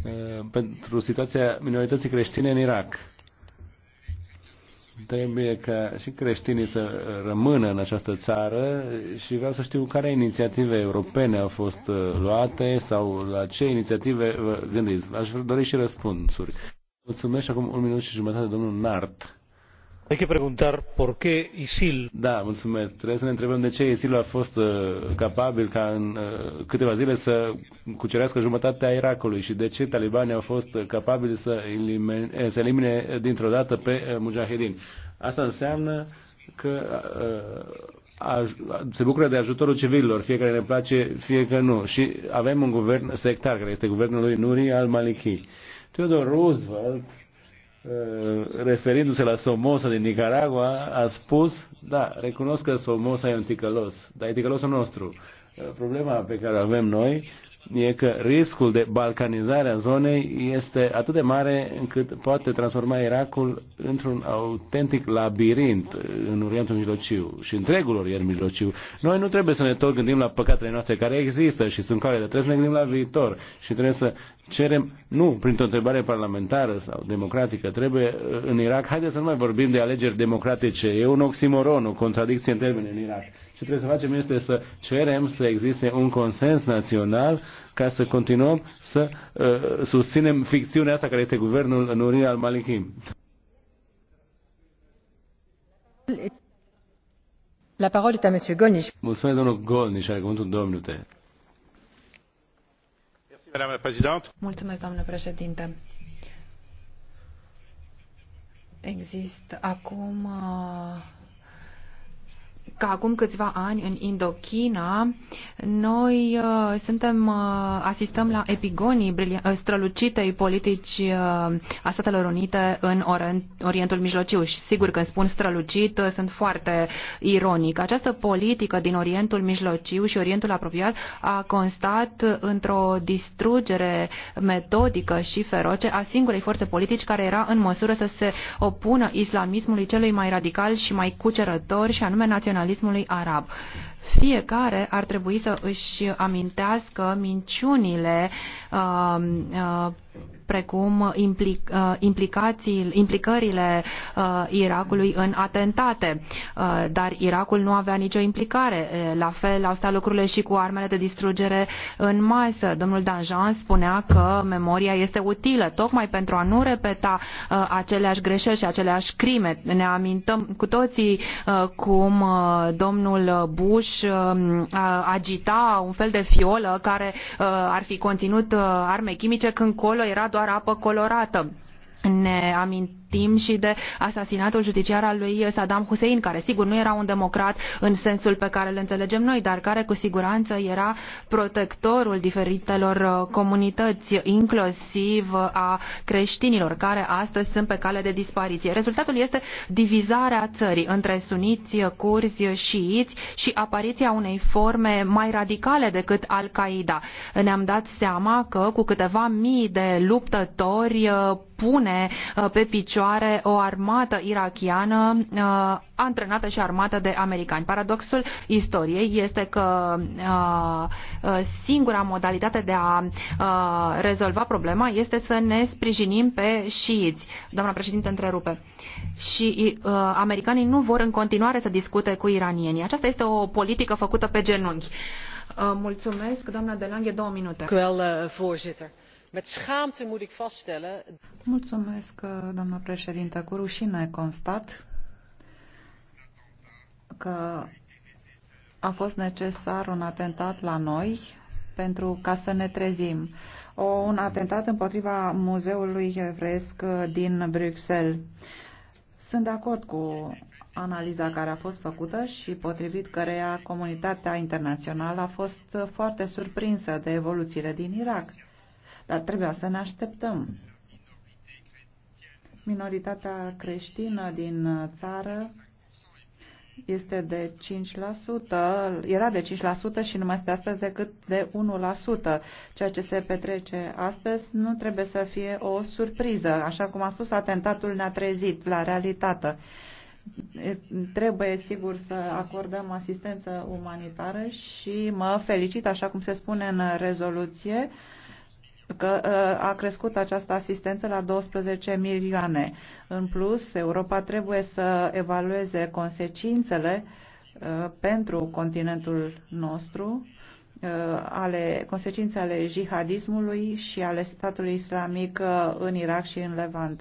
uh, pentru situația minorității creștine în Irak. Trebuie ca și creștinii să rămână în această țară și vreau să știu care inițiative europene au fost uh, luate sau la ce inițiative vă gândiți. Aș dori și răspunsuri. Mulțumesc acum un minut și jumătate, domnul Nart. Hay que preguntar por qué ISIL. Da, mulțumesc. Trebuie să ne întrebăm de ce ISIL a fost uh, capabil ca în uh, câteva zile să cucerească jumătatea Irakului și de ce talibanii au fost uh, capabili să, elimine, eh, să elimine dintr-o dată pe uh, mujahedin. Asta înseamnă că uh, se bucură de ajutorul civililor, fie că ne place, fie că nu. Și avem un guvern sectar, care este guvernul lui Nuri al-Maliki. Theodore Roosevelt Eh, referindu-se la Somoza din Nicaragua, a spus, da, recunosc că Somoza e un ticălos, dar e ticălosul nostru. Eh, problema pe care o avem noi e că riscul de balcanizare a zonei este atât de mare încât poate transforma Irakul într-un autentic labirint în Orientul Mijlociu și întregul Orient Mijlociu. Noi nu trebuie să ne tot gândim la păcatele noastre care există și sunt care, trebuie să ne gândim la viitor și trebuie să cerem, nu printr-o întrebare parlamentară sau democratică, trebuie uh, în Irak, haideți să nu mai vorbim de alegeri democratice, e un oximoron, o contradicție în termeni în Irak. Ce trebuie să facem este să cerem să existe un consens național ca să continuăm să uh, susținem ficțiunea asta care este guvernul Nuri al Malikim. La parole este a monsieur Golnisch. Mulțumesc, domnul Golnisch, are cuvântul două minute. Mulțumesc, domnule președinte. Există acum uh, ca acum câțiva ani în Indochina, noi uh, suntem, uh, asistăm la epigonii uh, strălucitei politici uh, a Statelor Unite în Orient, Orientul Mijlociu. Și sigur, când spun strălucit, uh, sunt foarte ironic. Această politică din Orientul Mijlociu și Orientul Apropiat a constat într-o distrugere metodică și feroce a singurei forțe politici care era în măsură să se opună islamismului celui mai radical și mai cucerător și anume național naționalismului arab. Fiecare ar trebui să își amintească minciunile uh, uh, precum uh, implicările uh, Irakului în atentate. Uh, dar Irakul nu avea nicio implicare. La fel au stat lucrurile și cu armele de distrugere în masă. Domnul Danjean spunea că memoria este utilă tocmai pentru a nu repeta aceleași greșeli și aceleași crime. Ne amintăm cu toții cum domnul Bush agita un fel de fiolă care ar fi conținut arme chimice când colo era doar apă colorată. Ne amintim știm și de asasinatul judiciar al lui Saddam Hussein, care sigur nu era un democrat în sensul pe care îl înțelegem noi, dar care cu siguranță era protectorul diferitelor uh, comunități, inclusiv uh, a creștinilor, care astăzi sunt pe cale de dispariție. Rezultatul este divizarea țării între suniți, uh, curzi, șiiți și apariția unei forme mai radicale decât Al-Qaeda. Ne-am dat seama că cu câteva mii de luptători pune pe picioare vigoare o armată irachiană uh, antrenată și armată de americani. Paradoxul istoriei este că uh, uh, singura modalitate de a rezolva problema este să ne sprijinim pe șiiți. Doamna președinte, întrerupe. Și uh, americanii nu vor în continuare să discute cu iranienii. Aceasta este o politică făcută pe genunchi. Uh, mulțumesc, doamna Delanghe, două minute. Cu el, uh, Met schaamte moet ik vaststellen. Mulțumesc, uh, doamnă președintă. Cu rușine constat că a fost necesar un atentat la noi pentru ca să ne trezim. O, un atentat împotriva Muzeului Evresc uh, din Bruxelles. Sunt de acord cu analiza care a fost făcută și potrivit căreia comunitatea internațională a fost uh, foarte surprinsă de evoluțiile din Irak dar trebuia să ne așteptăm. Minoritatea creștină din țară este de 5%, era de 5% și nu mai este astăzi decât de 1%. Ceea ce se petrece astăzi nu trebuie să fie o surpriză. Așa cum a spus, atentatul ne-a trezit la realitate. Trebuie, sigur, să acordăm asistență umanitară și mă felicit, așa cum se spune în rezoluție, uh, că ă, a crescut această asistență la 12 milioane. În plus, Europa trebuie să evalueze consecințele ă, pentru continentul nostru ă, ale consecințe ale jihadismului și ale statului islamic în Irak și în Levant.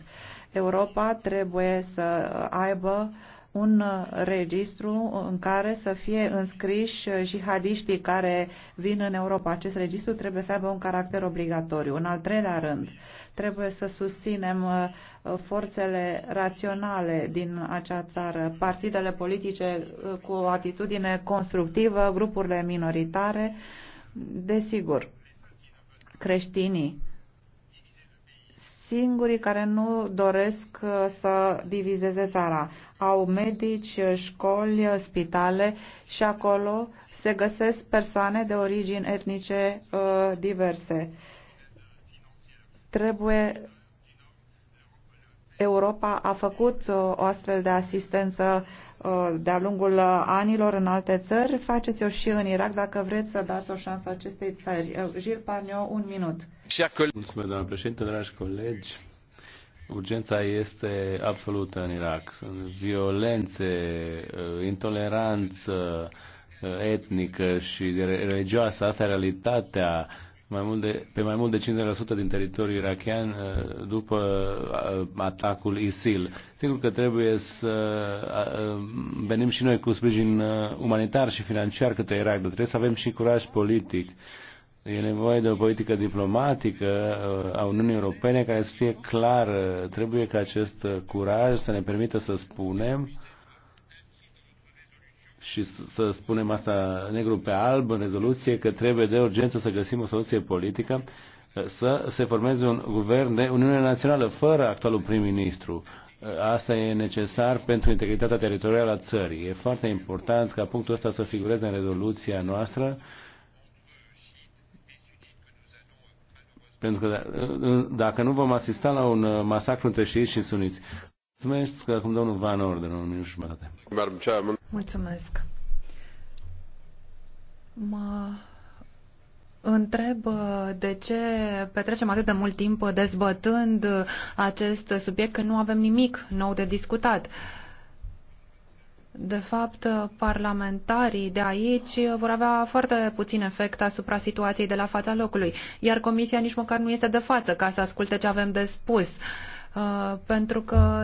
Europa trebuie să aibă uh, un uh, registru în care să fie înscriși uh, jihadiștii care vin în Europa. Acest registru trebuie să aibă un caracter obligatoriu. În al treilea rând, trebuie să susținem uh, forțele raționale din acea țară, partidele politice cu o atitudine constructivă, grupurile minoritare, desigur, creștinii, singurii care nu doresc să divizeze țara au medici, școli, spitale și acolo se găsesc persoane de origini etnice uh, diverse. Trebuie Europa a făcut uh, o astfel de asistență uh, de-a lungul anilor în alte țări. Faceți-o și în Irak dacă vreți să dați o șansă acestei țări. Gil Parnio, un minut. Mulțumesc, doamnă președinte, dragi colegi. Urgența este absolută în Irak. Sunt violențe, uh, intoleranță uh, etnică și religioasă. Asta e realitatea mai mult de, pe mai mult de 50% din teritoriul irachian uh, după atacul ISIL. Sigur că trebuie să venim și noi cu sprijin umanitar și financiar către Irak, dar trebuie să avem și curaj politic E nevoie de o politică diplomatică uh, a Uniunii Europene care să fie clară. Trebuie ca acest curaj să ne permită să spunem și să spunem asta negru pe alb în rezoluție că trebuie de urgență să găsim o soluție politică uh, să se formeze un guvern de Uniune Națională fără actualul prim-ministru. Uh, asta e necesar pentru integritatea teritorială a țării. E foarte important ca punctul ăsta să figureze în rezoluția noastră Pentru că uh, uh, dacă nu vom asista la un uh, masacru între șiiți și suniți. Mulțumesc că acum domnul Van Orden, un minut și jumătate. Mulțumesc. Mă întreb de ce petrecem atât de mult timp dezbătând acest subiect când nu avem nimic nou de discutat. Uh, de fapt, parlamentarii de aici vor avea foarte puțin efect asupra situației de la fața locului, iar comisia nici măcar nu este de față ca să asculte ce avem de spus uh, pentru că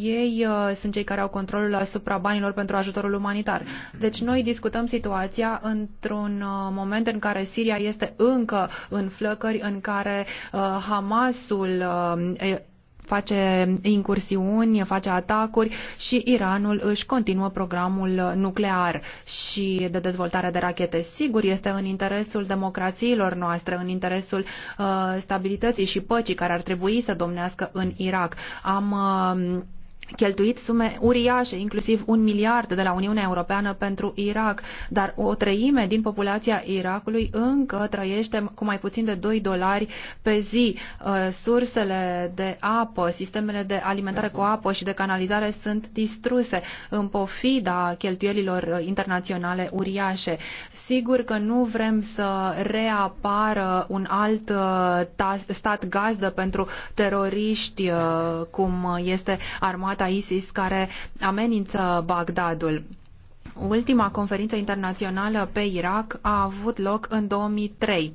ei uh, sunt cei care au controlul asupra banilor pentru ajutorul umanitar. Deci noi discutăm situația într-un uh, moment în care Siria este încă în flăcări, în care Hamasul face incursiuni, face atacuri și Iranul își continuă programul nuclear și de dezvoltare de rachete. Sigur, este în interesul democrațiilor noastre, în interesul uh, stabilității și păcii care ar trebui să domnească în Irak. Am uh, cheltuit sume uriașe, inclusiv un miliard de la Uniunea Europeană pentru Irak, dar o treime din populația Irakului încă trăiește cu mai puțin de 2 dolari pe zi. Uh, sursele de apă, sistemele de alimentare cu apă și de canalizare sunt distruse în pofida cheltuielilor internaționale uriașe. Sigur că nu vrem să reapară un alt uh, stat gazdă pentru teroriști uh, cum este armata organizată a ISIS care amenință Bagdadul. Ultima conferință internațională pe Irak a avut loc în 2003.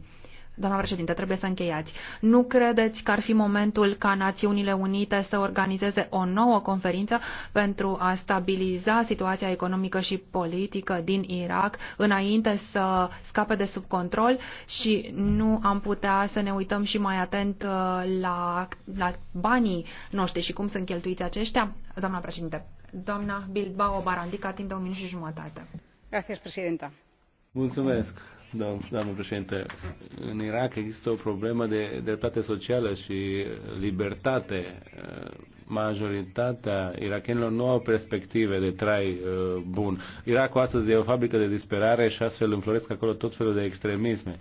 Doamna președinte, trebuie să încheiați. Nu credeți că ar fi momentul ca Națiunile Unite să organizeze o nouă conferință pentru a stabiliza situația economică și politică din Irak înainte să scape de sub control și nu am putea să ne uităm și mai atent uh, la, la banii noștri și cum sunt cheltuiți aceștia? Doamna președinte, doamna Bilbao Barandica, timp de un minut și jumătate. Gracias, presidenta Mulțumesc, doamnă președinte. În Irak există o problemă de dreptate socială și libertate. Majoritatea irakenilor nu au perspective de trai uh, bun. Irakul astăzi e o fabrică de disperare și astfel înfloresc acolo tot felul de extremisme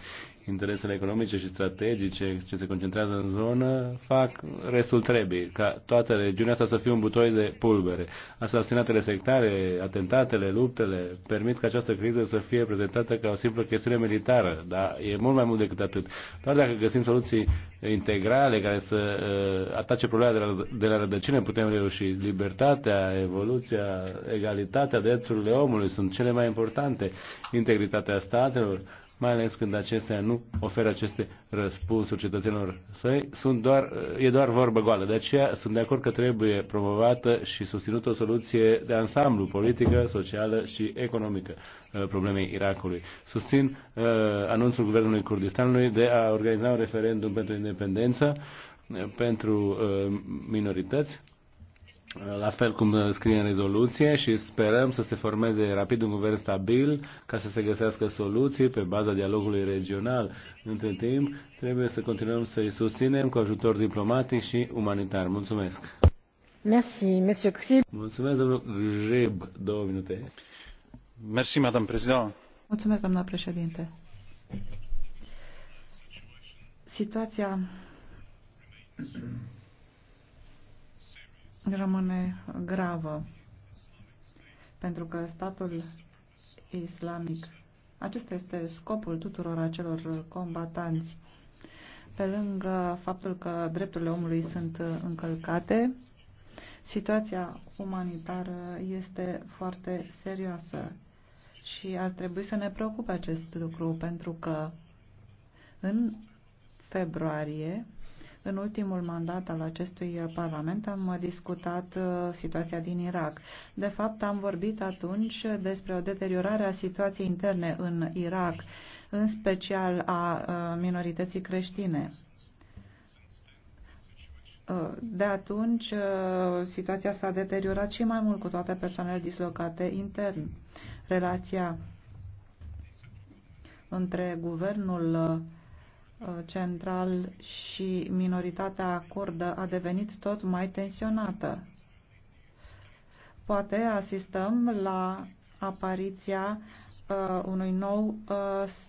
interesele economice și strategice ce se concentrează în zonă fac restul trebuie, ca toată regiunea asta să fie un butoi de pulbere. Asasinatele sectare, atentatele, luptele permit ca această criză să fie prezentată ca o simplă chestiune militară, dar e mult mai mult decât atât. Doar dacă găsim soluții integrale care să uh, atace problemele de la, de la rădăcină, putem reuși. Libertatea, evoluția, egalitatea, drepturile omului sunt cele mai importante. Integritatea statelor, mai ales când acestea nu oferă aceste răspunsuri cetățenilor săi, sunt doar, e doar vorbă goală. De aceea sunt de acord că trebuie promovată și susținută o soluție de ansamblu politică, socială și economică uh, problemei Irakului. Susțin uh, anunțul Guvernului Kurdistanului de a organiza un referendum pentru independență uh, pentru uh, minorități la fel cum uh, scrie în rezoluție și sperăm să se formeze rapid un guvern stabil ca să se găsească soluții pe baza dialogului regional. Între timp, trebuie să continuăm să-i susținem cu ajutor diplomatic și umanitar. Mulțumesc! Merci, monsieur Xib. Mulțumesc, domnul Grib. Două minute. Merci, madame président. Mulțumesc, doamna președinte. Situația rămâne gravă, pentru că statul islamic, acesta este scopul tuturor acelor combatanți. Pe lângă faptul că drepturile omului sunt încălcate, situația umanitară este foarte serioasă și ar trebui să ne preocupe acest lucru, pentru că în februarie în ultimul mandat al acestui Parlament am discutat uh, situația din Irak. De fapt, am vorbit atunci despre o deteriorare a situației interne în Irak, în special a uh, minorității creștine. Uh, de atunci, situația s-a deteriorat și mai mult cu toate persoanele dislocate intern. Relația între guvernul Uh, central și minoritatea curdă a devenit tot mai tensionată. Poate asistăm la apariția uh, unui nou uh,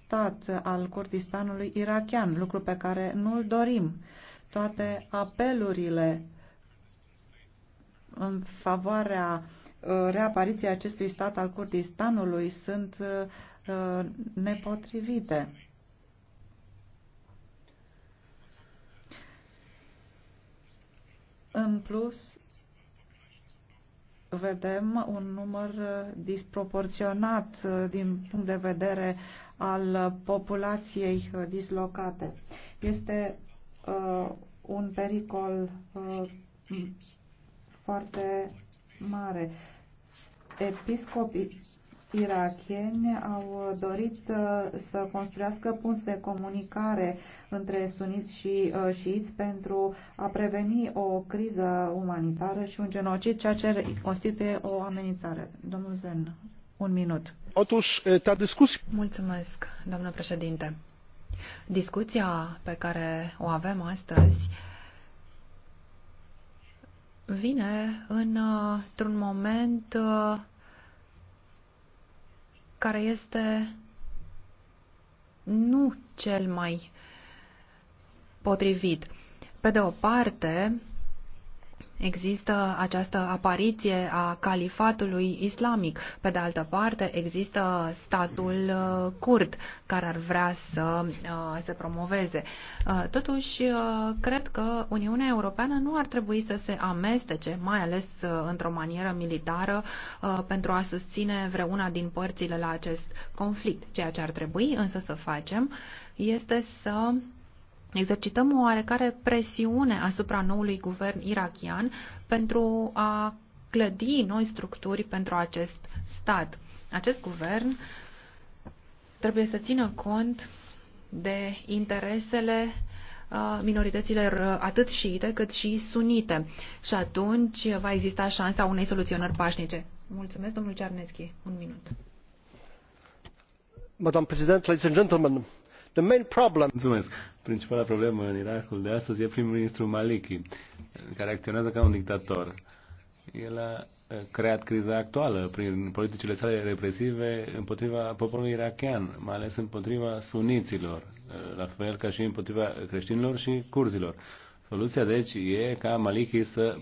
stat al Kurdistanului irachian, lucru pe care nu-l dorim. Toate apelurile în favoarea uh, reapariției acestui stat al Kurdistanului sunt uh, uh nepotrivite În plus, vedem un număr uh, disproporționat uh, din punct de vedere al uh, populației dislocate. Este uh, un pericol uh, foarte mare. Episcopii irakieni au dorit uh, să construiască punți de comunicare între suniți și uh, șiiți pentru a preveni o criză umanitară și un genocid, ceea ce constituie o amenințare. Domnul Zen, un minut. Otuși, ta discuție... Mulțumesc, doamnă președinte. Discuția pe care o avem astăzi vine uh, într-un moment care este nu cel mai potrivit. Pe de o parte, există această apariție a califatului islamic. Pe de altă parte, există statul uh, curd care ar vrea să uh, se promoveze. Uh, totuși, cred că Uniunea Europeană nu ar trebui să se amestece, mai ales într-o manieră militară, pentru a susține vreuna din părțile la acest conflict. Ceea ce ar trebui însă să facem este să Exercităm o oarecare presiune asupra noului guvern irachian pentru a clădi noi structuri pentru acest stat. Acest guvern trebuie să țină cont de interesele uh, minorităților uh, atât șiite cât și sunite. Și atunci va exista șansa unei soluționări pașnice. Mulțumesc, domnul Cernetski. Un minut. Madam President, ladies and gentlemen, The main problem... Mulțumesc. Principala problemă în Irakul de astăzi e primul ministru Maliki, care acționează ca un dictator. El a uh, creat criza actuală prin politicile sale represive împotriva poporului irakian, mai ales împotriva suniților, uh, la fel ca și împotriva creștinilor și curzilor. Soluția, deci, e ca Maliki să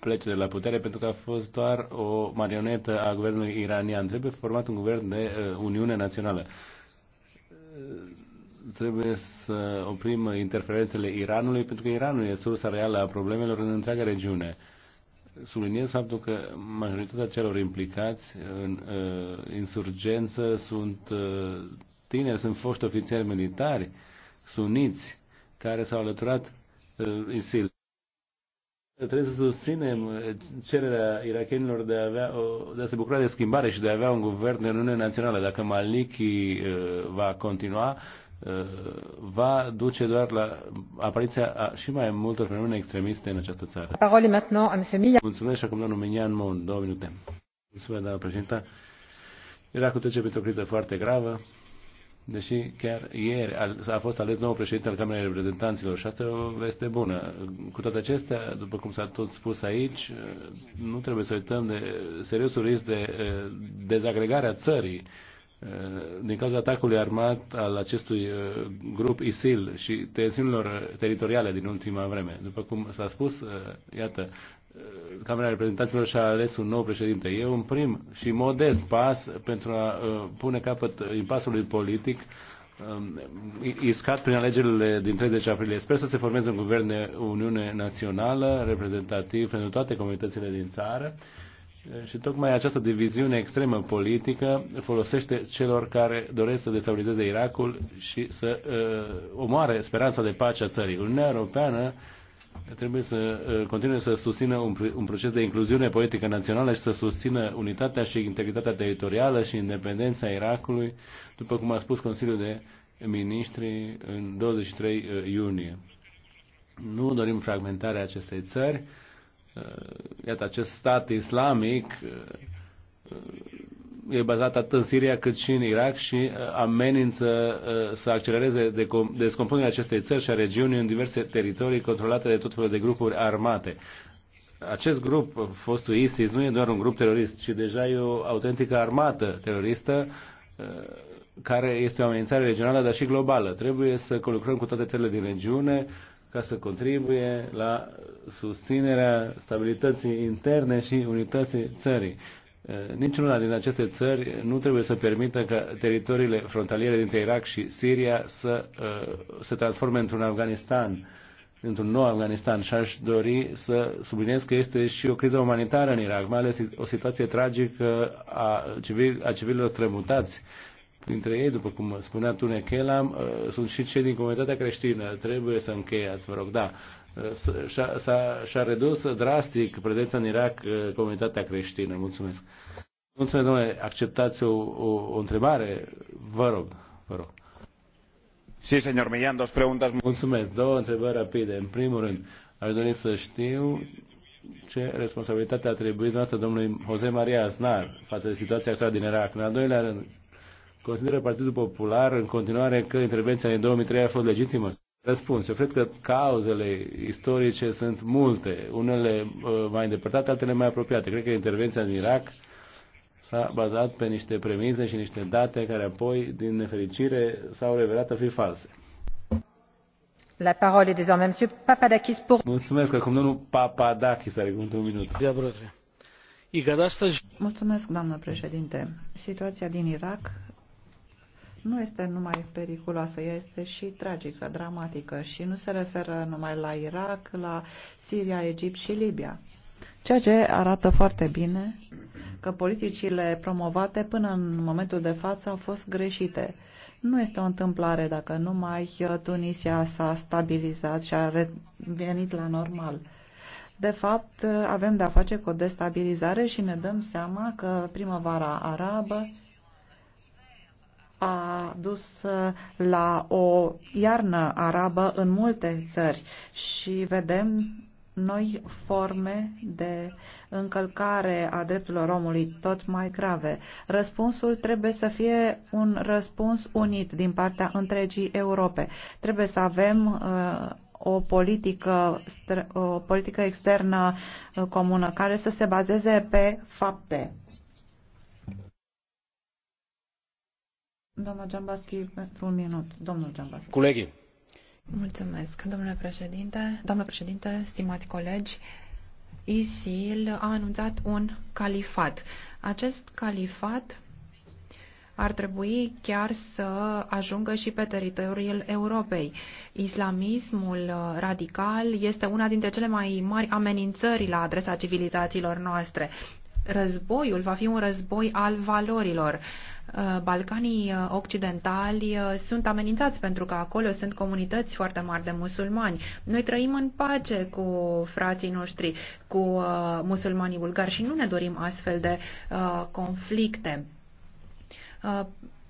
plece de la putere pentru că a fost doar o marionetă a guvernului iranian. Trebuie format un guvern de uh, Uniune Națională trebuie să oprim interferențele Iranului, pentru că Iranul este sursa reală a problemelor în întreaga regiune. Subliniez faptul că majoritatea celor implicați în uh, insurgență sunt uh, tineri, sunt foști ofițeri militari, suniți, care s-au alăturat uh, ISIL. Trebuie să susținem uh, cererea irachenilor de a, avea o, de a se bucura de schimbare și de a avea un guvern de Uniune Națională. Dacă Maliki uh, va continua, va duce doar la apariția a și mai multor fenomene extremiste în această țară. Mulțumesc și acum domnul Minian Mon, două minute. Mulțumesc, doamna președintă. Irakul trece printr-o criză foarte gravă, deși chiar ieri a fost ales nou președinte al Camerei Reprezentanților și asta e o veste bună. Cu toate acestea, după cum s-a tot spus aici, nu trebuie să uităm de seriosul risc de eh, dezagregarea țării Eh, din cauza atacului armat al acestui eh, grup ISIL și tensiunilor teritoriale din ultima vreme. După cum s-a spus, eh, iată, Camera Reprezentanților și-a ales un nou președinte. E un prim și modest pas pentru a pune capăt impasului politic iscat prin alegerile din 30 aprilie. Sper să se formeze un guvern de Uniune Națională reprezentativ pentru toate comunitățile din țară și tocmai această diviziune extremă politică folosește celor care doresc să destabilizeze Irakul și să uh, omoare speranța de pace a țării. Uniunea Europeană trebuie să uh, continue să susțină un, un proces de incluziune politică națională și să susțină unitatea și integritatea teritorială și independența Irakului, după cum a spus Consiliul de Ministri în 23 uh, iunie. Nu dorim fragmentarea acestei țări, Uh, iată, acest stat islamic uh, uh, e bazat atât în Siria cât și în Irak și amenință să accelereze descompunerea acestei țări și a regiunii în diverse teritorii controlate de tot felul de grupuri armate. Acest grup, fostul ISIS, nu e doar un grup terorist, ci deja e o autentică armată teroristă care este o amenințare regională, dar și globală. Trebuie să colucrăm cu toate țările din regiune, ca să contribuie la susținerea stabilității interne și unității țării. Eh, niciuna din aceste țări nu trebuie să permită ca teritoriile frontaliere dintre Irak și Siria să eh, se transforme într-un Afganistan, într-un nou Afganistan și aș dori să subliniez că este și o criză umanitară în Irak, mai ales o situație tragică a, civililor trămutați printre ei, după cum spunea Tune Kelam, uh, sunt și cei din comunitatea creștină. Trebuie să încheiați, vă rog, da. Uh, și-a redus drastic prezența în Irak uh, comunitatea creștină. Mulțumesc. Mulțumesc, domnule. Acceptați o, o, o întrebare? Vă rog, vă rog. Sí, señor Millán, dos preguntas. Mulțumesc. Două întrebări rapide. În primul rând, aș dori să știu ce responsabilitate a atribuit noastră domnului Jose Maria Aznar față de situația actuală din Irak. În al doilea rând, Consideră Partidul Popular în continuare că intervenția în 2003 a fost legitimă? Răspuns. Eu cred că cauzele istorice sunt multe, unele uh, mai îndepărtate, altele mai apropiate. Cred că intervenția din Irak s-a bazat pe niște premize și niște date care apoi, din nefericire, s-au revelat a fi false. La parole est désormais monsieur Papadakis pour... Mulțumesc, acum domnul Papadakis are cuvântul un minut. Mulțumesc, doamnă președinte. Situația din Irak nu este numai periculoasă, ea este și tragică, dramatică și nu se referă numai la Irak, la Siria, Egipt și Libia. Ceea ce arată foarte bine că politicile promovate până în momentul de față au fost greșite. Nu este o întâmplare dacă numai Tunisia s-a stabilizat și a revenit la normal. De fapt, avem de-a face cu o destabilizare și ne dăm seama că primăvara arabă a dus uh, la o iarnă arabă în multe țări și vedem noi forme de încălcare a drepturilor omului tot mai grave. Răspunsul trebuie să fie un răspuns unit din partea întregii Europe. Trebuie să avem uh, o politică, o politică externă uh, comună care să se bazeze pe fapte Doamna Giambaschi, pentru un minut. Domnul Giambaschi. Colegii. Mulțumesc, domnule președinte, doamnă președinte, stimați colegi. ISIL a anunțat un califat. Acest califat ar trebui chiar să ajungă și pe teritoriul Europei. Islamismul radical este una dintre cele mai mari amenințări la adresa civilizațiilor noastre. Războiul va fi un război al valorilor. Uh, Balcanii uh, occidentali uh, sunt amenințați pentru că acolo sunt comunități foarte mari de musulmani. Noi trăim în pace cu frații noștri, cu musulmanii bulgari și nu ne dorim astfel de conflicte.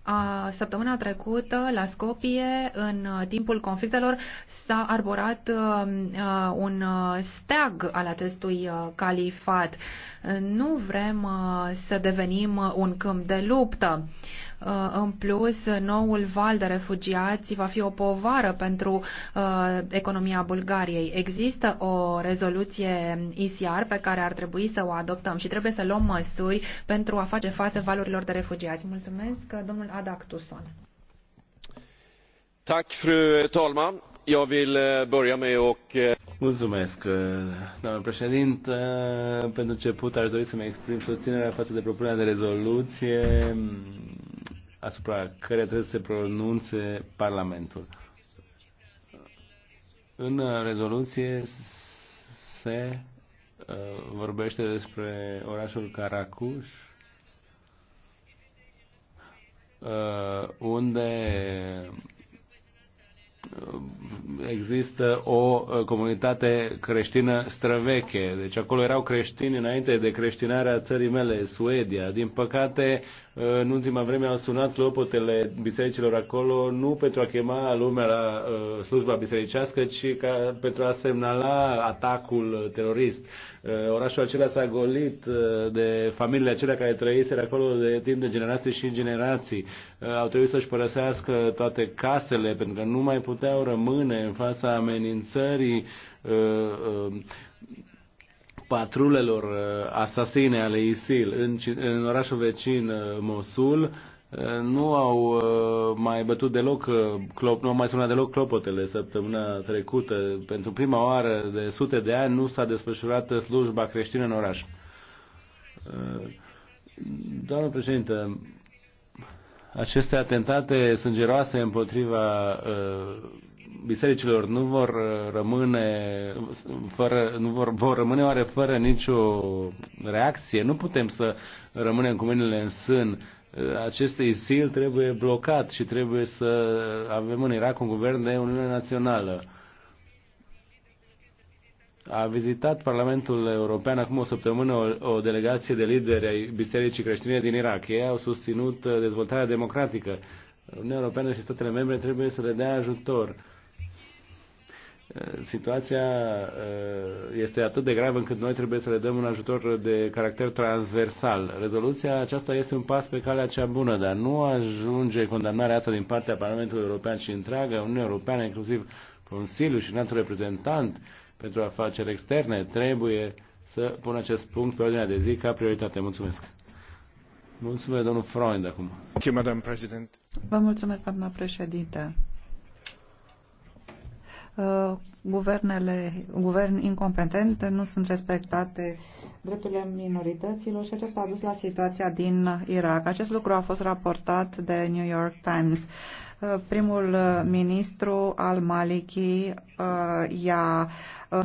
A, săptămâna trecută, la Scopie, în timpul conflictelor, s-a arborat uh, un steag al acestui uh, califat. Uh, nu vrem uh, să devenim un câmp de luptă. Uh, în plus, noul val de refugiați va fi o povară pentru uh, economia Bulgariei. Există o rezoluție ICR pe care ar trebui să o adoptăm și trebuie să luăm măsuri pentru a face față valurilor de refugiați. Mulțumesc, domnul Adactuson. Tack, fru talman. Jag vill eh, börja med och... Eh, Mulțumesc, eh, doamnă președintă. Pentru început ar dori să-mi exprim susținerea față de propunerea de rezoluție mm, asupra care trebuie să se pronunțe Parlamentul. În rezoluție se vorbește despre orașul Caracuș, unde există o uh, comunitate creștină străveche. Deci acolo erau creștini înainte de creștinarea țării mele, Suedia. Din păcate, în ultima vreme au sunat clopotele bisericilor acolo nu pentru a chema lumea la uh, slujba bisericească, ci ca pentru a semnala atacul terorist. Uh, orașul acela s-a golit uh, de familiile acelea care trăiseră acolo de timp de generații și generații. Uh, au trebuit să-și părăsească toate casele pentru că nu mai puteau rămâne în fața amenințării uh, uh, patrulelor uh, asasine ale ISIL în, în orașul vecin uh, Mosul uh, nu au mai bătut deloc, nu au mai sunat deloc clopotele săptămâna trecută. Pentru prima oară de sute de ani nu s-a desfășurat slujba creștină în oraș. Doamnă președintă, aceste atentate sângeroase împotriva bisericilor nu vor rămâne fără, nu vor, vor rămâne oare fără nicio reacție? Nu putem să rămânem cu mâinile în sân. Acest ISIL trebuie blocat și trebuie să avem în Irak un guvern de Uniune Națională. A vizitat Parlamentul European acum o săptămână o, o delegație de lideri ai Bisericii Creștine din Irak. Ei au susținut dezvoltarea democratică. Uniunea Europeană și statele membre trebuie să le dea ajutor situația uh, este atât de gravă încât noi trebuie să le dăm un ajutor de caracter transversal. Rezoluția aceasta este un pas pe calea cea bună, dar nu ajunge condamnarea asta din partea Parlamentului European și întreaga Uniunea Europeană, inclusiv Consiliul și înaltul reprezentant pentru afaceri externe, trebuie să pună acest punct pe ordinea de zi ca prioritate. Mulțumesc! Mulțumesc, domnul Freund, acum. Vă mulțumesc, doamna președinte. Uh, guvernele, guvern incompetent, nu sunt respectate drepturile minorităților și acesta a dus la situația din Irak. Acest lucru a fost raportat de New York Times. Uh, primul ministru al Maliki uh, i-a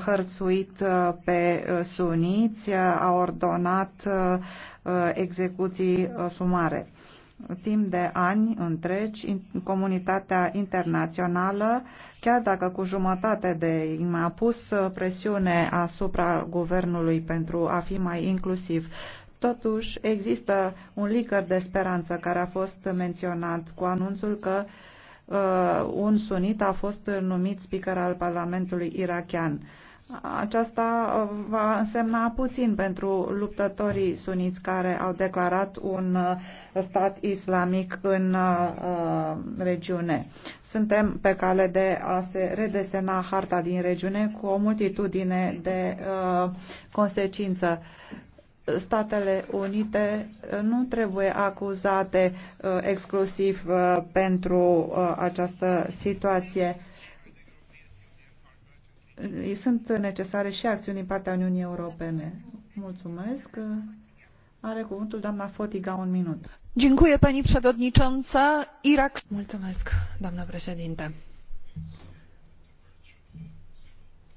hărțuit pe suniți, a ordonat execuții sumare timp de ani întregi comunitatea internațională, chiar dacă cu jumătate de a pus uh, presiune asupra guvernului pentru a fi mai inclusiv. Totuși, există un licăr de speranță care a fost menționat cu anunțul că uh, un sunit a fost numit speaker al Parlamentului irachian. Uh, aceasta uh, va însemna puțin pentru luptătorii suniți care au declarat un uh, stat islamic în uh, regiune. Suntem pe cale de a se redesena harta din regiune cu o multitudine de consecință. Statele Unite nu trebuie acuzate exclusiv pentru această situație sunt necesare și acțiuni din partea Uniunii Europene. Mulțumesc. Are cuvântul doamna Fotiga un minut. Dziękuję pani przewodnicząca. Irak. Mulțumesc, doamnă președinte.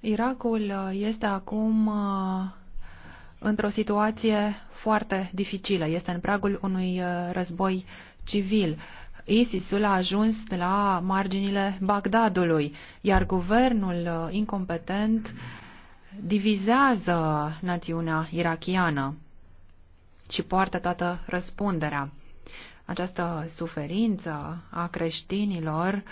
Irakul este acum într-o situație foarte dificilă. Este în pragul unui război civil ISIS-ul a ajuns la marginile Bagdadului, iar guvernul uh, incompetent divizează națiunea irachiană și poartă toată răspunderea. Această suferință a creștinilor uh,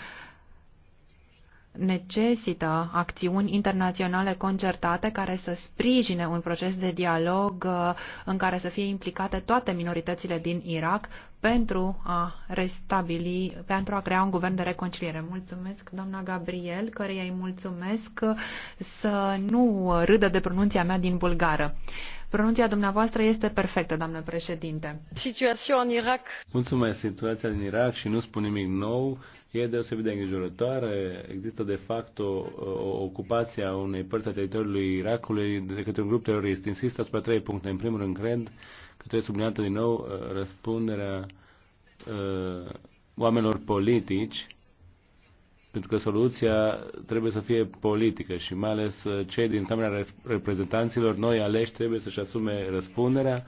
necesită acțiuni internaționale concertate care să sprijine un proces de dialog uh, în care să fie implicate toate minoritățile din Irak pentru a restabili, pentru a crea un guvern de reconciliere. Mulțumesc, doamna Gabriel, căreia îi mulțumesc să nu râdă de pronunția mea din bulgară. Pronunția dumneavoastră este perfectă, doamnă președinte. Situația în Irak. Mulțumesc. Situația din Irak și nu spun nimic nou. E deosebit de îngrijorătoare. Există de fapt o, o ocupație a unei părți a teritoriului Irakului de către un grup terorist. Insist asupra trei puncte. În primul rând, cred că trebuie subliniată din nou uh, răspunderea uh, oamenilor politici pentru că soluția trebuie să fie politică și mai ales uh, cei din Camera Reprezentanților, noi aleși, trebuie să-și asume răspunderea.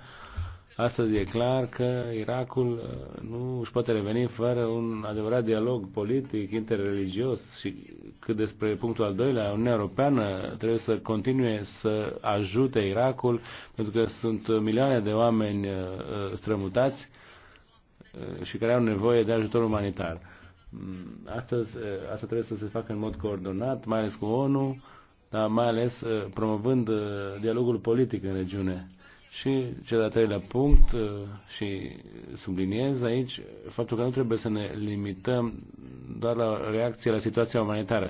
Astăzi e clar că Irakul uh, nu își poate reveni fără un adevărat dialog politic, interreligios și cât despre punctul al doilea, Uniunea Europeană trebuie să continue să ajute Irakul pentru că sunt milioane de oameni uh, strămutați și care au nevoie de ajutor umanitar Mm, astăzi, asta trebuie să se facă în mod coordonat, mai ales cu ONU, dar mai ales promovând dialogul politic în regiune. Și cel de-al treilea punct, și subliniez aici, faptul că nu trebuie să ne limităm doar la reacție la situația umanitară.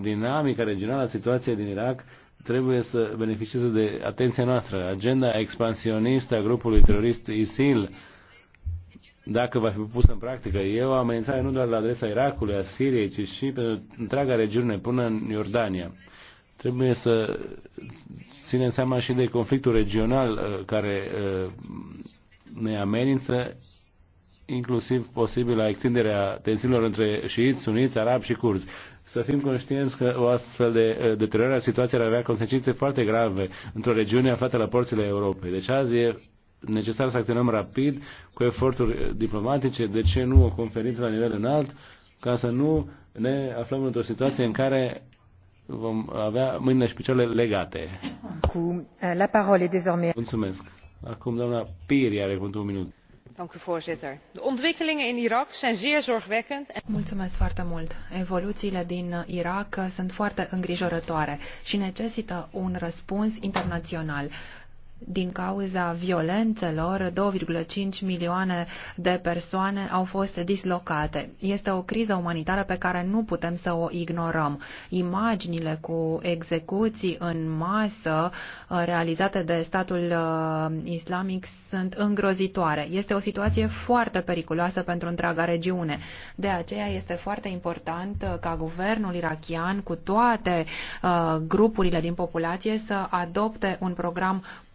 Dinamica regională a situației din Irak trebuie să beneficieze de atenția noastră. Agenda expansionistă a grupului terorist ISIL dacă va fi pus în practică. E o amenințare nu doar la adresa Irakului, a Siriei, ci și pentru întreaga regiune până în Iordania. Trebuie să ținem seama și de conflictul regional uh, care uh, ne amenință inclusiv posibilă extinderea tensiunilor între șiiți, suniți, arabi și curzi. Să fim conștienți că o astfel de uh, deteriorare a situației ar avea consecințe foarte grave într-o regiune aflată la porțile Europei. Deci azi e necesar să acționăm rapid cu eforturi diplomatice, de ce nu o conferință la nivel înalt, ca să nu ne aflăm într-o situație în care vom avea mâinile și picioarele legate. Cu uh, la parole désormais. Mulțumesc. Acum doamna Piri are cuvântul un minut. Voorzitter. De ontwikkelingen in Irak zijn zeer zorgwekkend. Mulțumesc foarte mult. Evoluțiile din Irak sunt foarte îngrijorătoare și necesită un răspuns internațional din cauza violențelor, 2,5 milioane de persoane au fost dislocate. Este o criză umanitară pe care nu putem să o ignorăm. Imaginile cu execuții în masă uh, realizate de statul uh, islamic sunt îngrozitoare. Este o situație foarte periculoasă pentru întreaga regiune. De aceea este foarte important uh, ca guvernul irachian cu toate grupurile din populație să adopte un program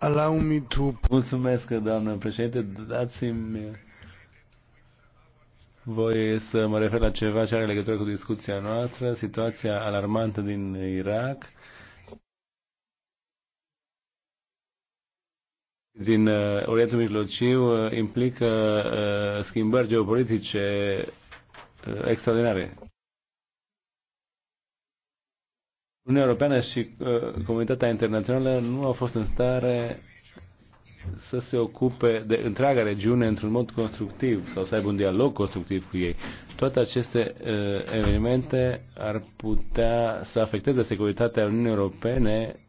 Allow me to... Mulțumesc, doamnă președinte. Dați-mi voie să mă refer la ceva ce are legătură cu discuția noastră, situația alarmantă din Irak. din uh, Orientul Mijlociu uh, implică uh, schimbări geopolitice uh, extraordinare. Uniunea Europeană și uh, comunitatea internațională nu au fost în stare să se ocupe de întreaga regiune într-un mod constructiv sau să aibă un dialog constructiv cu ei. Toate aceste uh, evenimente ar putea să afecteze securitatea Uniunii Europene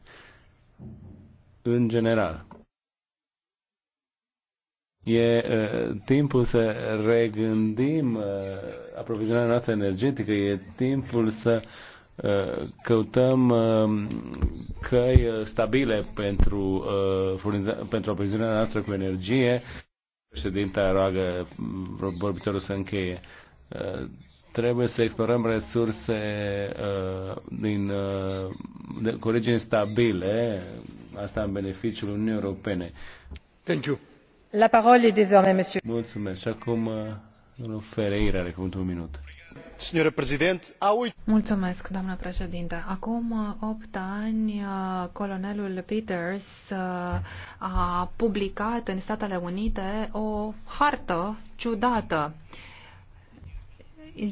în general. E uh, timpul să regândim uh, aprovizionarea noastră energetică, e timpul să uh, căutăm uh, căi uh, stabile pentru, uh, pentru aprovizionarea noastră cu energie. Președinta roagă vorbitorul să încheie. Trebuie să explorăm resurse din de, origine stabile, asta în beneficiul Uniunii Europene. Thank you. La parole est désormais monsieur. Mulțumesc. Și acum domnul Ferreira are cuvântul un minut doamnă președinte acum uh, opt ani uh, colonelul peters uh, a publicat în statele unite o hartă ciudată care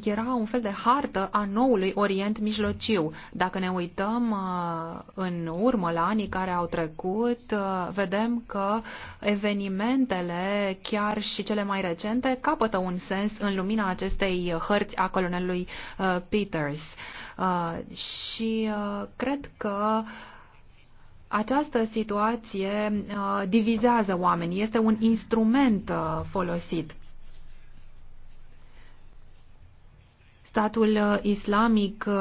era un fel de hartă a noului Orient Mijlociu. Dacă ne uităm uh, în urmă la anii care au trecut, uh, vedem că evenimentele, chiar și cele mai recente, capătă un sens în lumina acestei hărți a colonelului uh, Peters. Și cred că această situație divizează oamenii, este un instrument folosit. statul uh, islamic uh,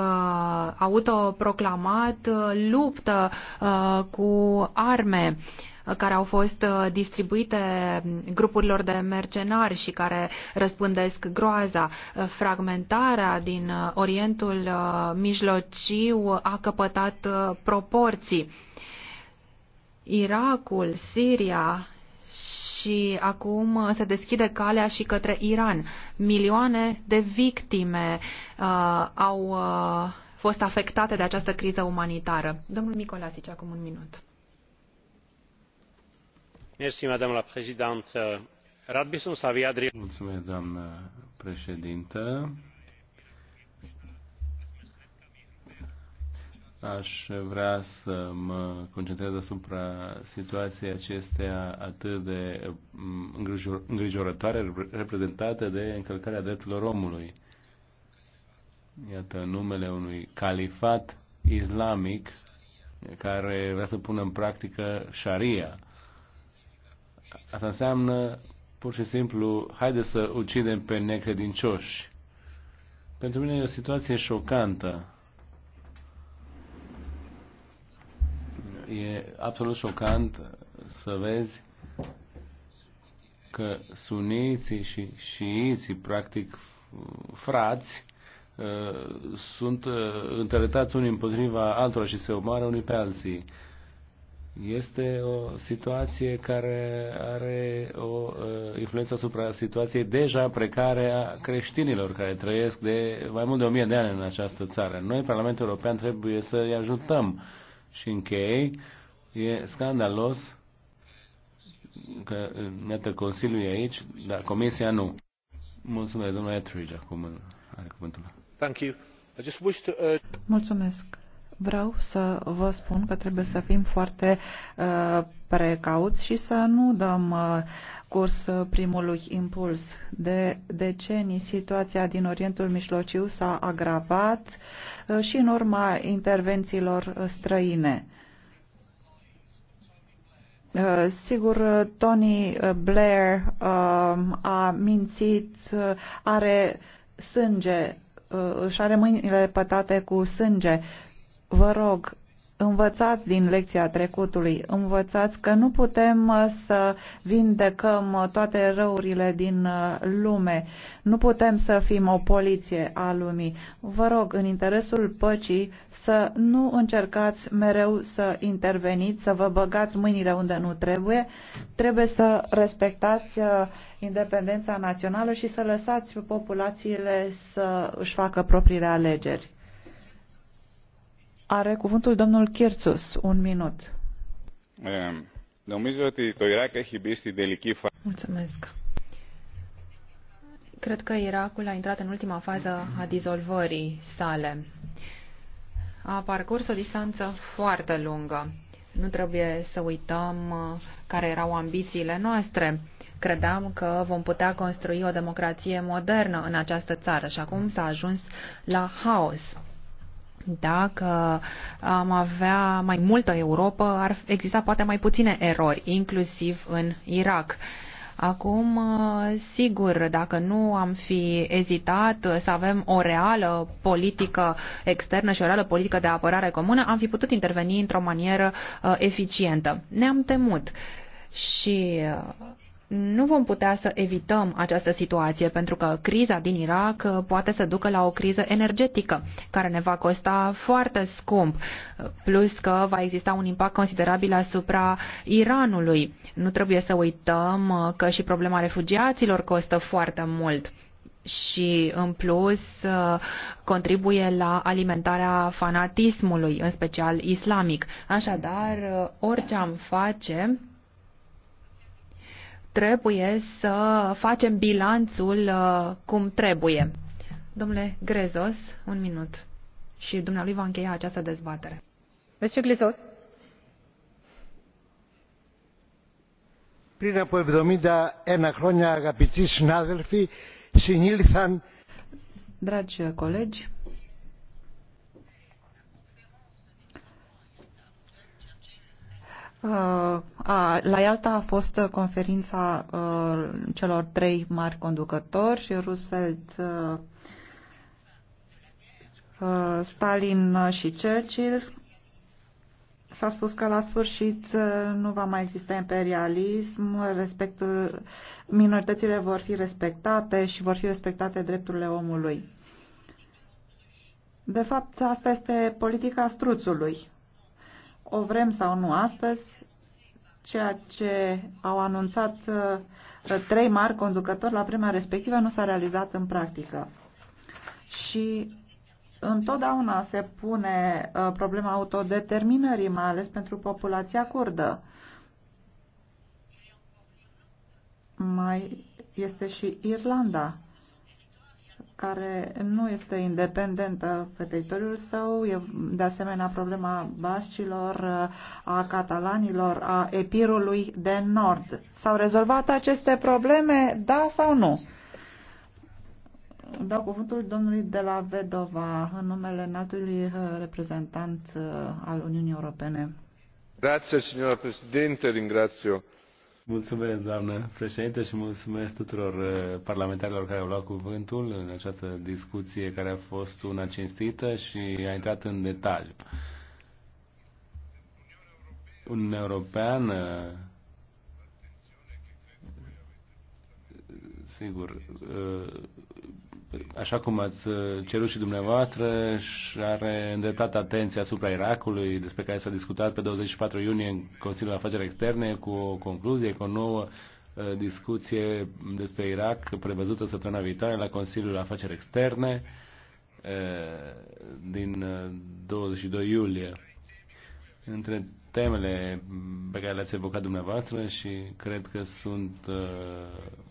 autoproclamat uh, luptă cu arme care au fost distribuite grupurilor de mercenari și care răspândesc groaza. Fragmentarea din Orientul Mijlociu a căpătat proporții. Irakul, Siria și acum se deschide calea și către Iran. Milioane de victime uh, au uh, fost afectate de această criză umanitară. Domnul Micolasici, acum un minut. Mersi, doamna președintă. Rad by som sa vyjadril. Mulțumesc, doamnă președintă. Aș vrea să mă concentrez asupra situației acesteia atât de mm, îngrijorătoare reprezentată de încălcarea drepturilor omului. Iată numele unui califat islamic care vrea să pună în practică șaria. Asta înseamnă pur și simplu, haide să ucidem pe necredincioși. Pentru mine e o situație șocantă e absolut șocant să vezi că suniții și șiiții, practic frați, uh, sunt uh, întăretați unii împotriva altora și se omoară unii pe alții. Este o situație care are o uh, influență asupra situației deja precare a creștinilor care trăiesc de mai mult de o mie de ani în această țară. Noi, Parlamentul European, trebuie să-i ajutăm și închei, e scandalos că, iată, Consiliul e aici, dar Comisia nu. Mulțumesc, domnule Etridge, acum are cuvântul. Thank you. I just wish to, uh, Mulțumesc. Vreau să vă spun că trebuie să fim foarte uh, precauți și să nu dăm uh, curs primului impuls. De decenii situația din Orientul Mijlociu s-a agravat uh, și în urma intervențiilor uh, străine. Uh, sigur, uh, Tony Blair a mințit, are sânge, își are mâinile pătate cu sânge Vă rog, învățați din lecția trecutului, învățați că nu putem uh, să vindecăm uh, toate răurile din uh, lume, nu putem să fim o poliție a lumii. Vă rog, în interesul păcii, să nu încercați mereu să interveniți, să vă băgați mâinile unde nu trebuie, trebuie să respectați independența națională și să lăsați populațiile să își facă propriile alegeri. Are cuvântul domnul Kirțus. Un minut. Mulțumesc. Cred că Irakul a intrat în ultima fază a dizolvării sale. A parcurs o distanță foarte lungă. Nu trebuie să uităm uh, care erau ambițiile noastre. Credeam că vom putea construi o democrație modernă în această țară și acum s-a ajuns la haos. Dacă am avea mai multă Europa, ar exista poate mai puține erori, inclusiv în Irak. Acum, sigur, dacă nu am fi ezitat să avem o reală politică externă și o reală politică de apărare comună, am fi putut interveni într-o manieră uh, eficientă. Ne-am temut și uh, nu vom putea să evităm această situație, pentru că criza din Irak uh, poate să ducă la o criză energetică, care ne va costa foarte scump, uh, plus că va exista un impact considerabil asupra Iranului. Nu trebuie să uităm uh, că și problema refugiaților costă foarte mult și în plus contribuie la alimentarea fanatismului, în special islamic. Așadar, orice am face, trebuie să facem bilanțul uh, cum trebuie. Domnule Grezos, un minut. Și dumnealui va încheia această dezbatere. Monsieur Grezos. Πριν από 71 χρόνια, αγαπητοί συνάδελφοι, συνήλθαν... Dragi colegi, Uh, a, la Ialta a fost conferința uh, celor trei mari conducători și Roosevelt, uh, uh, Stalin și Churchill. S-a spus că la sfârșit uh, nu va mai exista imperialism, respectul, minoritățile vor fi respectate și vor fi respectate drepturile omului. De fapt, asta este politica struțului o vrem sau nu astăzi, ceea ce au anunțat uh, trei mari conducători la prima respectivă nu s-a realizat în practică. Și întotdeauna se pune uh, problema autodeterminării, mai ales pentru populația curdă. Mai este și Irlanda care nu este independentă pe teritoriul său, e de asemenea problema bascilor, a catalanilor, a epirului de nord. S-au rezolvat aceste probleme, da sau nu? Dau cuvântul domnului de la Vedova în numele înaltului uh, reprezentant uh, al Uniunii Europene. Grazie, signora Presidente, ringrazio Mulțumesc, doamnă președinte, și mulțumesc tuturor eh, parlamentarilor care au luat cuvântul în această discuție care a fost una cinstită și a intrat în detaliu. Un european, sigur, eh, așa cum ați uh, cerut și dumneavoastră, și are îndreptat atenția asupra Irakului, despre care s-a discutat pe 24 iunie în Consiliul Afaceri Externe cu o concluzie, cu o nouă uh, discuție despre Irak prevăzută săptămâna viitoare la Consiliul Afaceri Externe uh, din 22 iulie. Între temele pe care le-ați evocat dumneavoastră și cred că sunt uh,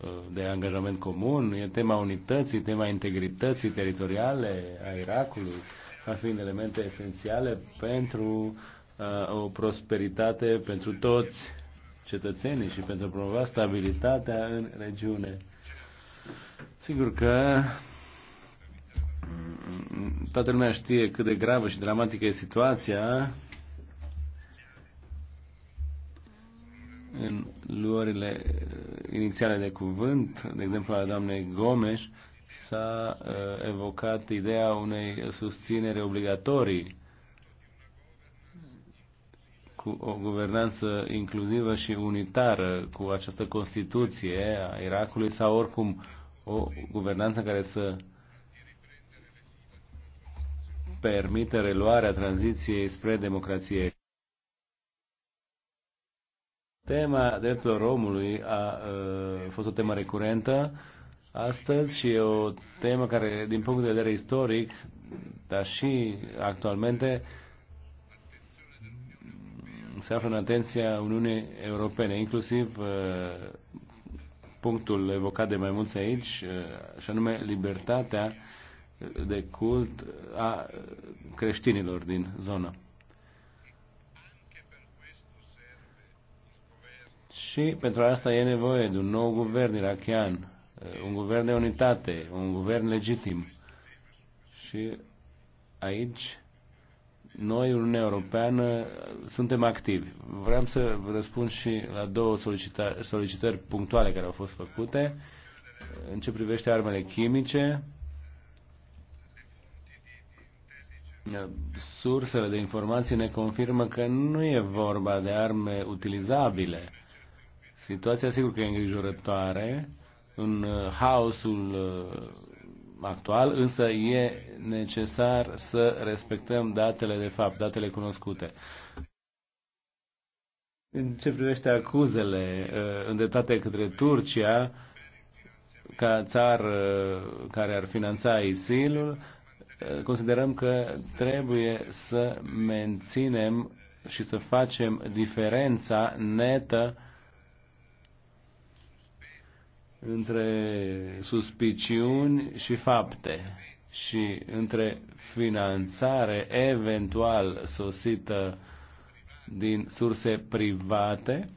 uh, de angajament comun. E tema unității, tema integrității teritoriale a Irakului, ca fiind elemente esențiale pentru uh, o prosperitate pentru toți cetățenii și pentru a promova stabilitatea în regiune. Sigur că mm, toată lumea știe cât de gravă și dramatică e situația în luările uh, inițiale de cuvânt, de exemplu la doamnei Gomes, s-a uh, evocat ideea unei susținere obligatorii cu o guvernanță inclusivă și unitară cu această Constituție a Irakului sau oricum o guvernanță care să permite reluarea tranziției spre democrație. Tema drepturilor omului a, a uh, fost o temă recurentă astăzi și e o temă care, din punct de vedere istoric, dar și actualmente, se află în atenția Uniunii Europene, inclusiv uh, punctul evocat de mai mulți aici, uh, și anume libertatea de cult a creștinilor din zonă. Și pentru asta e nevoie de un nou guvern irachian, un guvern de unitate, un guvern legitim. Și aici noi, Uniunea Europeană, suntem activi. Vreau să vă răspund și la două solicitări, solicitări punctuale care au fost făcute în ce privește armele chimice. Sursele de informații ne confirmă că nu e vorba de arme utilizabile Situația sigur că e îngrijorătoare în uh, haosul uh, actual, însă e necesar să respectăm datele de fapt, datele cunoscute. În ce privește acuzele uh, îndreptate către Turcia ca țară care ar finanța ISIL-ul, considerăm că trebuie să menținem și să facem diferența netă între suspiciuni și fapte și între finanțare eventual sosită din surse private,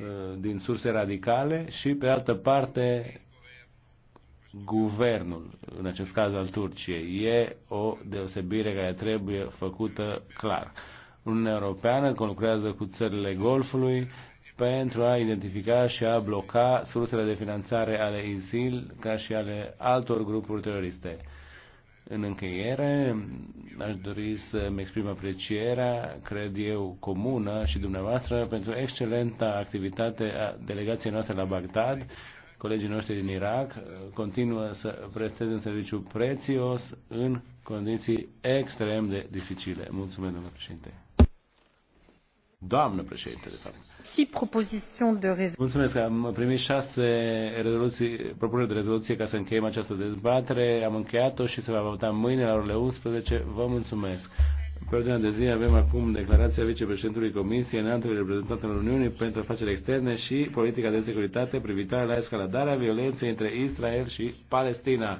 uh, din surse radicale și, pe altă parte, guvernul, în acest caz al Turciei. E o deosebire care trebuie făcută clar. Uniunea Europeană conlucrează cu țările Golfului, pentru a identifica și a bloca sursele de finanțare ale ISIL ca și ale altor grupuri teroriste. În încheiere, aș dori să-mi exprim aprecierea, cred eu, comună și dumneavoastră pentru excelenta activitate a delegației noastre la Bagdad. Colegii noștri din Irak uh, continuă să presteze un serviciu prețios în condiții extrem de dificile. Mulțumesc, domnule președinte. Doamnă președinte, de fapt. Si propoziții de rezoluție. Mulțumesc, am primit șase rezoluții, propuneri de rezoluție ca să încheiem această dezbatere. Am încheiat-o și se va vota mâine la orele 11. Vă mulțumesc. Pe ordinea de zi avem acum declarația vicepreședintului Comisiei Înaltului Reprezentant al Uniunii pentru afaceri externe și politica de securitate privitoare la escaladarea violenței între Israel și Palestina.